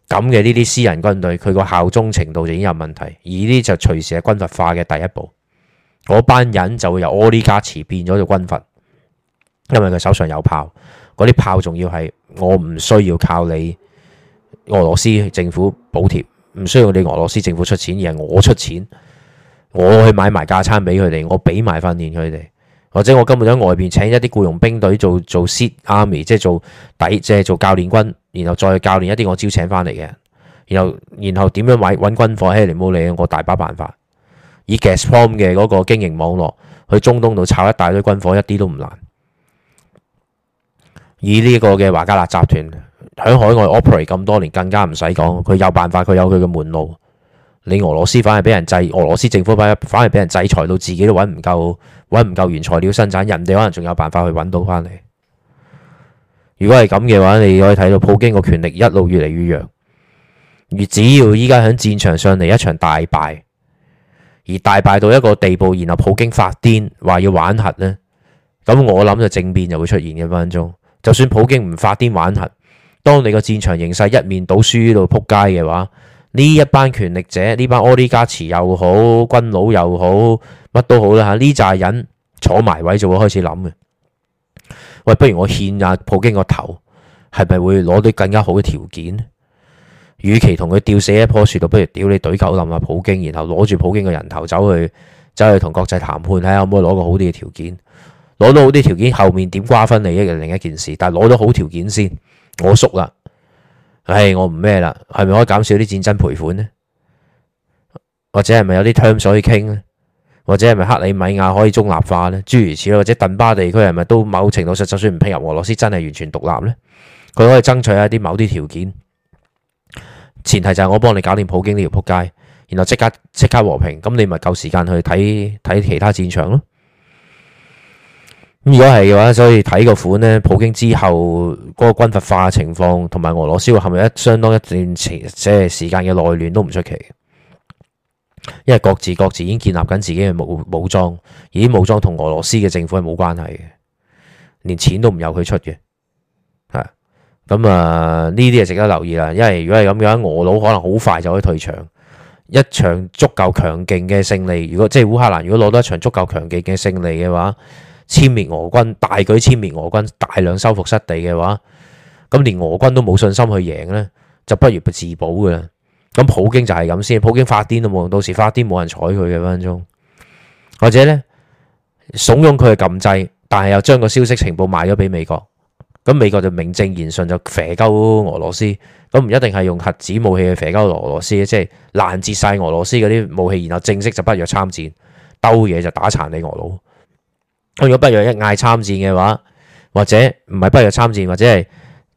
咁嘅呢啲私人軍隊，佢個效忠程度就已經有問題，而呢啲就隨時係軍閥化嘅第一步。嗰班人就會由 oligarch 變咗做軍閥，因為佢手上有炮，嗰啲炮仲要係我唔需要靠你俄羅斯政府補貼。唔需要你俄羅斯政府出錢，而係我出錢，我去買埋架餐俾佢哋，我俾埋訓練佢哋，或者我今日喺外邊請一啲僱傭兵隊做做 sit army，即係做底，即係做教練軍，然後再教練一啲我招請翻嚟嘅，然後然後點樣買揾軍火，Holy Moly 我大把辦法，以 Gazprom 嘅嗰個經營網絡去中東度炒一大堆軍火，一啲都唔難，以呢個嘅華格納集團。喺海外 operate 咁多年，更加唔使講，佢有辦法，佢有佢嘅門路。你俄羅斯反而俾人制裁，俄羅斯政府反反而俾人制裁到自己都揾唔夠，揾唔夠原材料生產，人哋可能仲有辦法去揾到翻嚟。如果係咁嘅話，你可以睇到普京個權力一路越嚟越弱。而只要依家喺戰場上嚟一場大敗，而大敗到一個地步，然後普京發癲話要玩核呢。咁我諗就政變就會出現嘅分鐘。就算普京唔發癲玩核。當你個戰場形勢一面倒輸到撲街嘅話，呢一班權力者呢班奧利加茨又好，軍佬又好，乜都好啦吓，呢就係人坐埋位就會開始諗嘅。喂，不如我獻下普京個頭，係咪會攞啲更加好嘅條件？與其同佢吊死一棵樹度，不如屌你懟狗冧啊普京，然後攞住普京嘅人頭走去走去同國際談判，睇、哎、下，可唔可以攞個好啲嘅條件。攞到好啲條件，後面點瓜分利益係另一件事，但係攞到好條件先。我縮啦，唉，我唔咩啦，係咪可以減少啲戰爭賠款呢？或者係咪有啲 terms 可以傾呢？或者係咪克里米亞可以中立化呢？諸如此類，或者頓巴地區係咪都某程度上就算唔拼入俄羅斯，真係完全獨立呢？佢可以爭取一啲某啲條件，前提就係我幫你搞掂普京呢條扑街，然後即刻即刻和平，咁你咪夠時間去睇睇其他戰場咯。咁如果係嘅話，所以睇個款呢。普京之後嗰個軍閥化嘅情況，同埋俄羅斯係咪一相當一段時即係時間嘅內亂都唔出奇，因為各自各自已經建立緊自己嘅武武裝，而啲武裝同俄羅斯嘅政府係冇關係嘅，連錢都唔由佢出嘅係咁啊。呢啲嘢值得留意啦。因為如果係咁樣話，俄佬可能好快就可以退場一場足夠強勁嘅勝利。如果即係烏克蘭，如果攞到一場足夠強勁嘅勝利嘅話。殲滅俄軍，大舉殲滅俄軍，大量收復失地嘅話，咁連俄軍都冇信心去贏呢，就不如自保嘅啦。咁普京就係咁先，普京發癲都冇用，到時發癲冇人睬佢嘅分分鐘。或者呢，慫恿佢去禁制，但係又將個消息情報賣咗俾美國，咁美國就名正言順就肥鳩俄羅斯，咁唔一定係用核子武器去肥鳩俄羅斯，即係攔截晒俄羅斯嗰啲武器，然後正式就不如參戰，兜嘢就打殘你俄佬。如果北約一嗌參戰嘅話，或者唔係北約參戰，或者係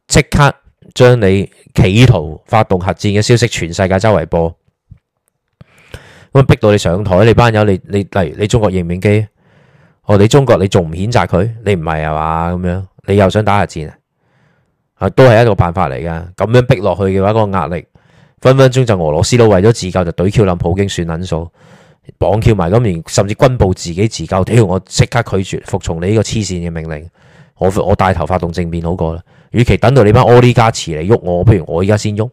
即刻將你企圖發動核戰嘅消息全世界周圍播，咁啊逼到你上台，你班友，你你例如你，你中國認唔認機？哦你中國你仲唔譴責佢？你唔係啊嘛咁樣？你又想打核戰啊？啊都係一個辦法嚟噶，咁樣逼落去嘅話，嗰個壓力分分鐘就俄羅斯佬為咗自救就懟橋林普京算捻數。綁票埋今連，甚至軍部自己自救，屌，我即刻拒絕服從你呢個黐線嘅命令，我我帶頭發動政變好過啦。與其等到你班阿尼加遲嚟喐我，不如我而家先喐，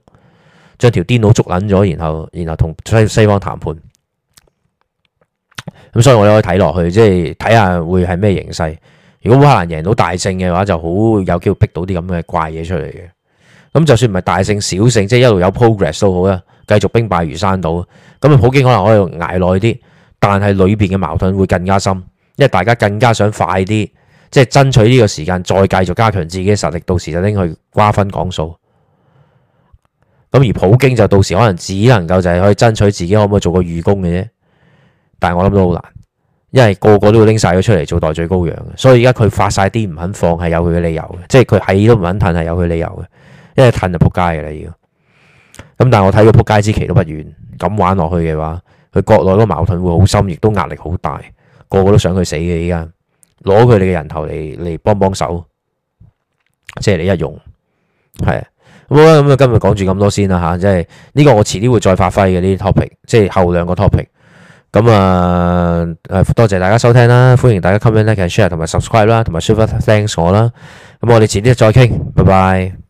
將條癲佬捉捻咗，然後然後同西西方談判。咁所以我哋可以睇落去，即係睇下會係咩形勢。如果烏克蘭贏到大勝嘅話，就好有機會逼到啲咁嘅怪嘢出嚟嘅。咁就算唔係大勝小勝，即係一路有 progress 都好啦。繼續兵敗如山倒，咁啊普京可能可以捱耐啲，但係裏邊嘅矛盾會更加深，因為大家更加想快啲，即係爭取呢個時間再繼續加強自己嘅實力，到時就拎去瓜分講數。咁而普京就到時可能只能夠就係可以爭取自己可唔可以做個預攻嘅啫，但係我諗都好難，因為個個都會拎晒咗出嚟，做代罪羔羊嘅，所以而家佢發晒啲唔肯放係有佢嘅理由嘅，即係佢係都唔肯褪係有佢理由嘅，因為褪就撲街嘅啦要。這個咁但係我睇佢仆街之期都不遠，咁玩落去嘅話，佢國內嗰個矛盾會好深，亦都壓力好大，個個都想佢死嘅依家，攞佢哋嘅人頭嚟嚟幫幫手，即係你一用，係、嗯嗯嗯、啊，好啦，咁啊今日講住咁多先啦吓，即係呢個我遲啲會再發揮嘅呢啲 topic，即係後兩個 topic、嗯。咁啊，誒多謝大家收聽啦，歡迎大家 comment、like、share 同埋 subscribe 啦，同埋 super thanks 我啦。咁我哋遲啲再傾，拜拜。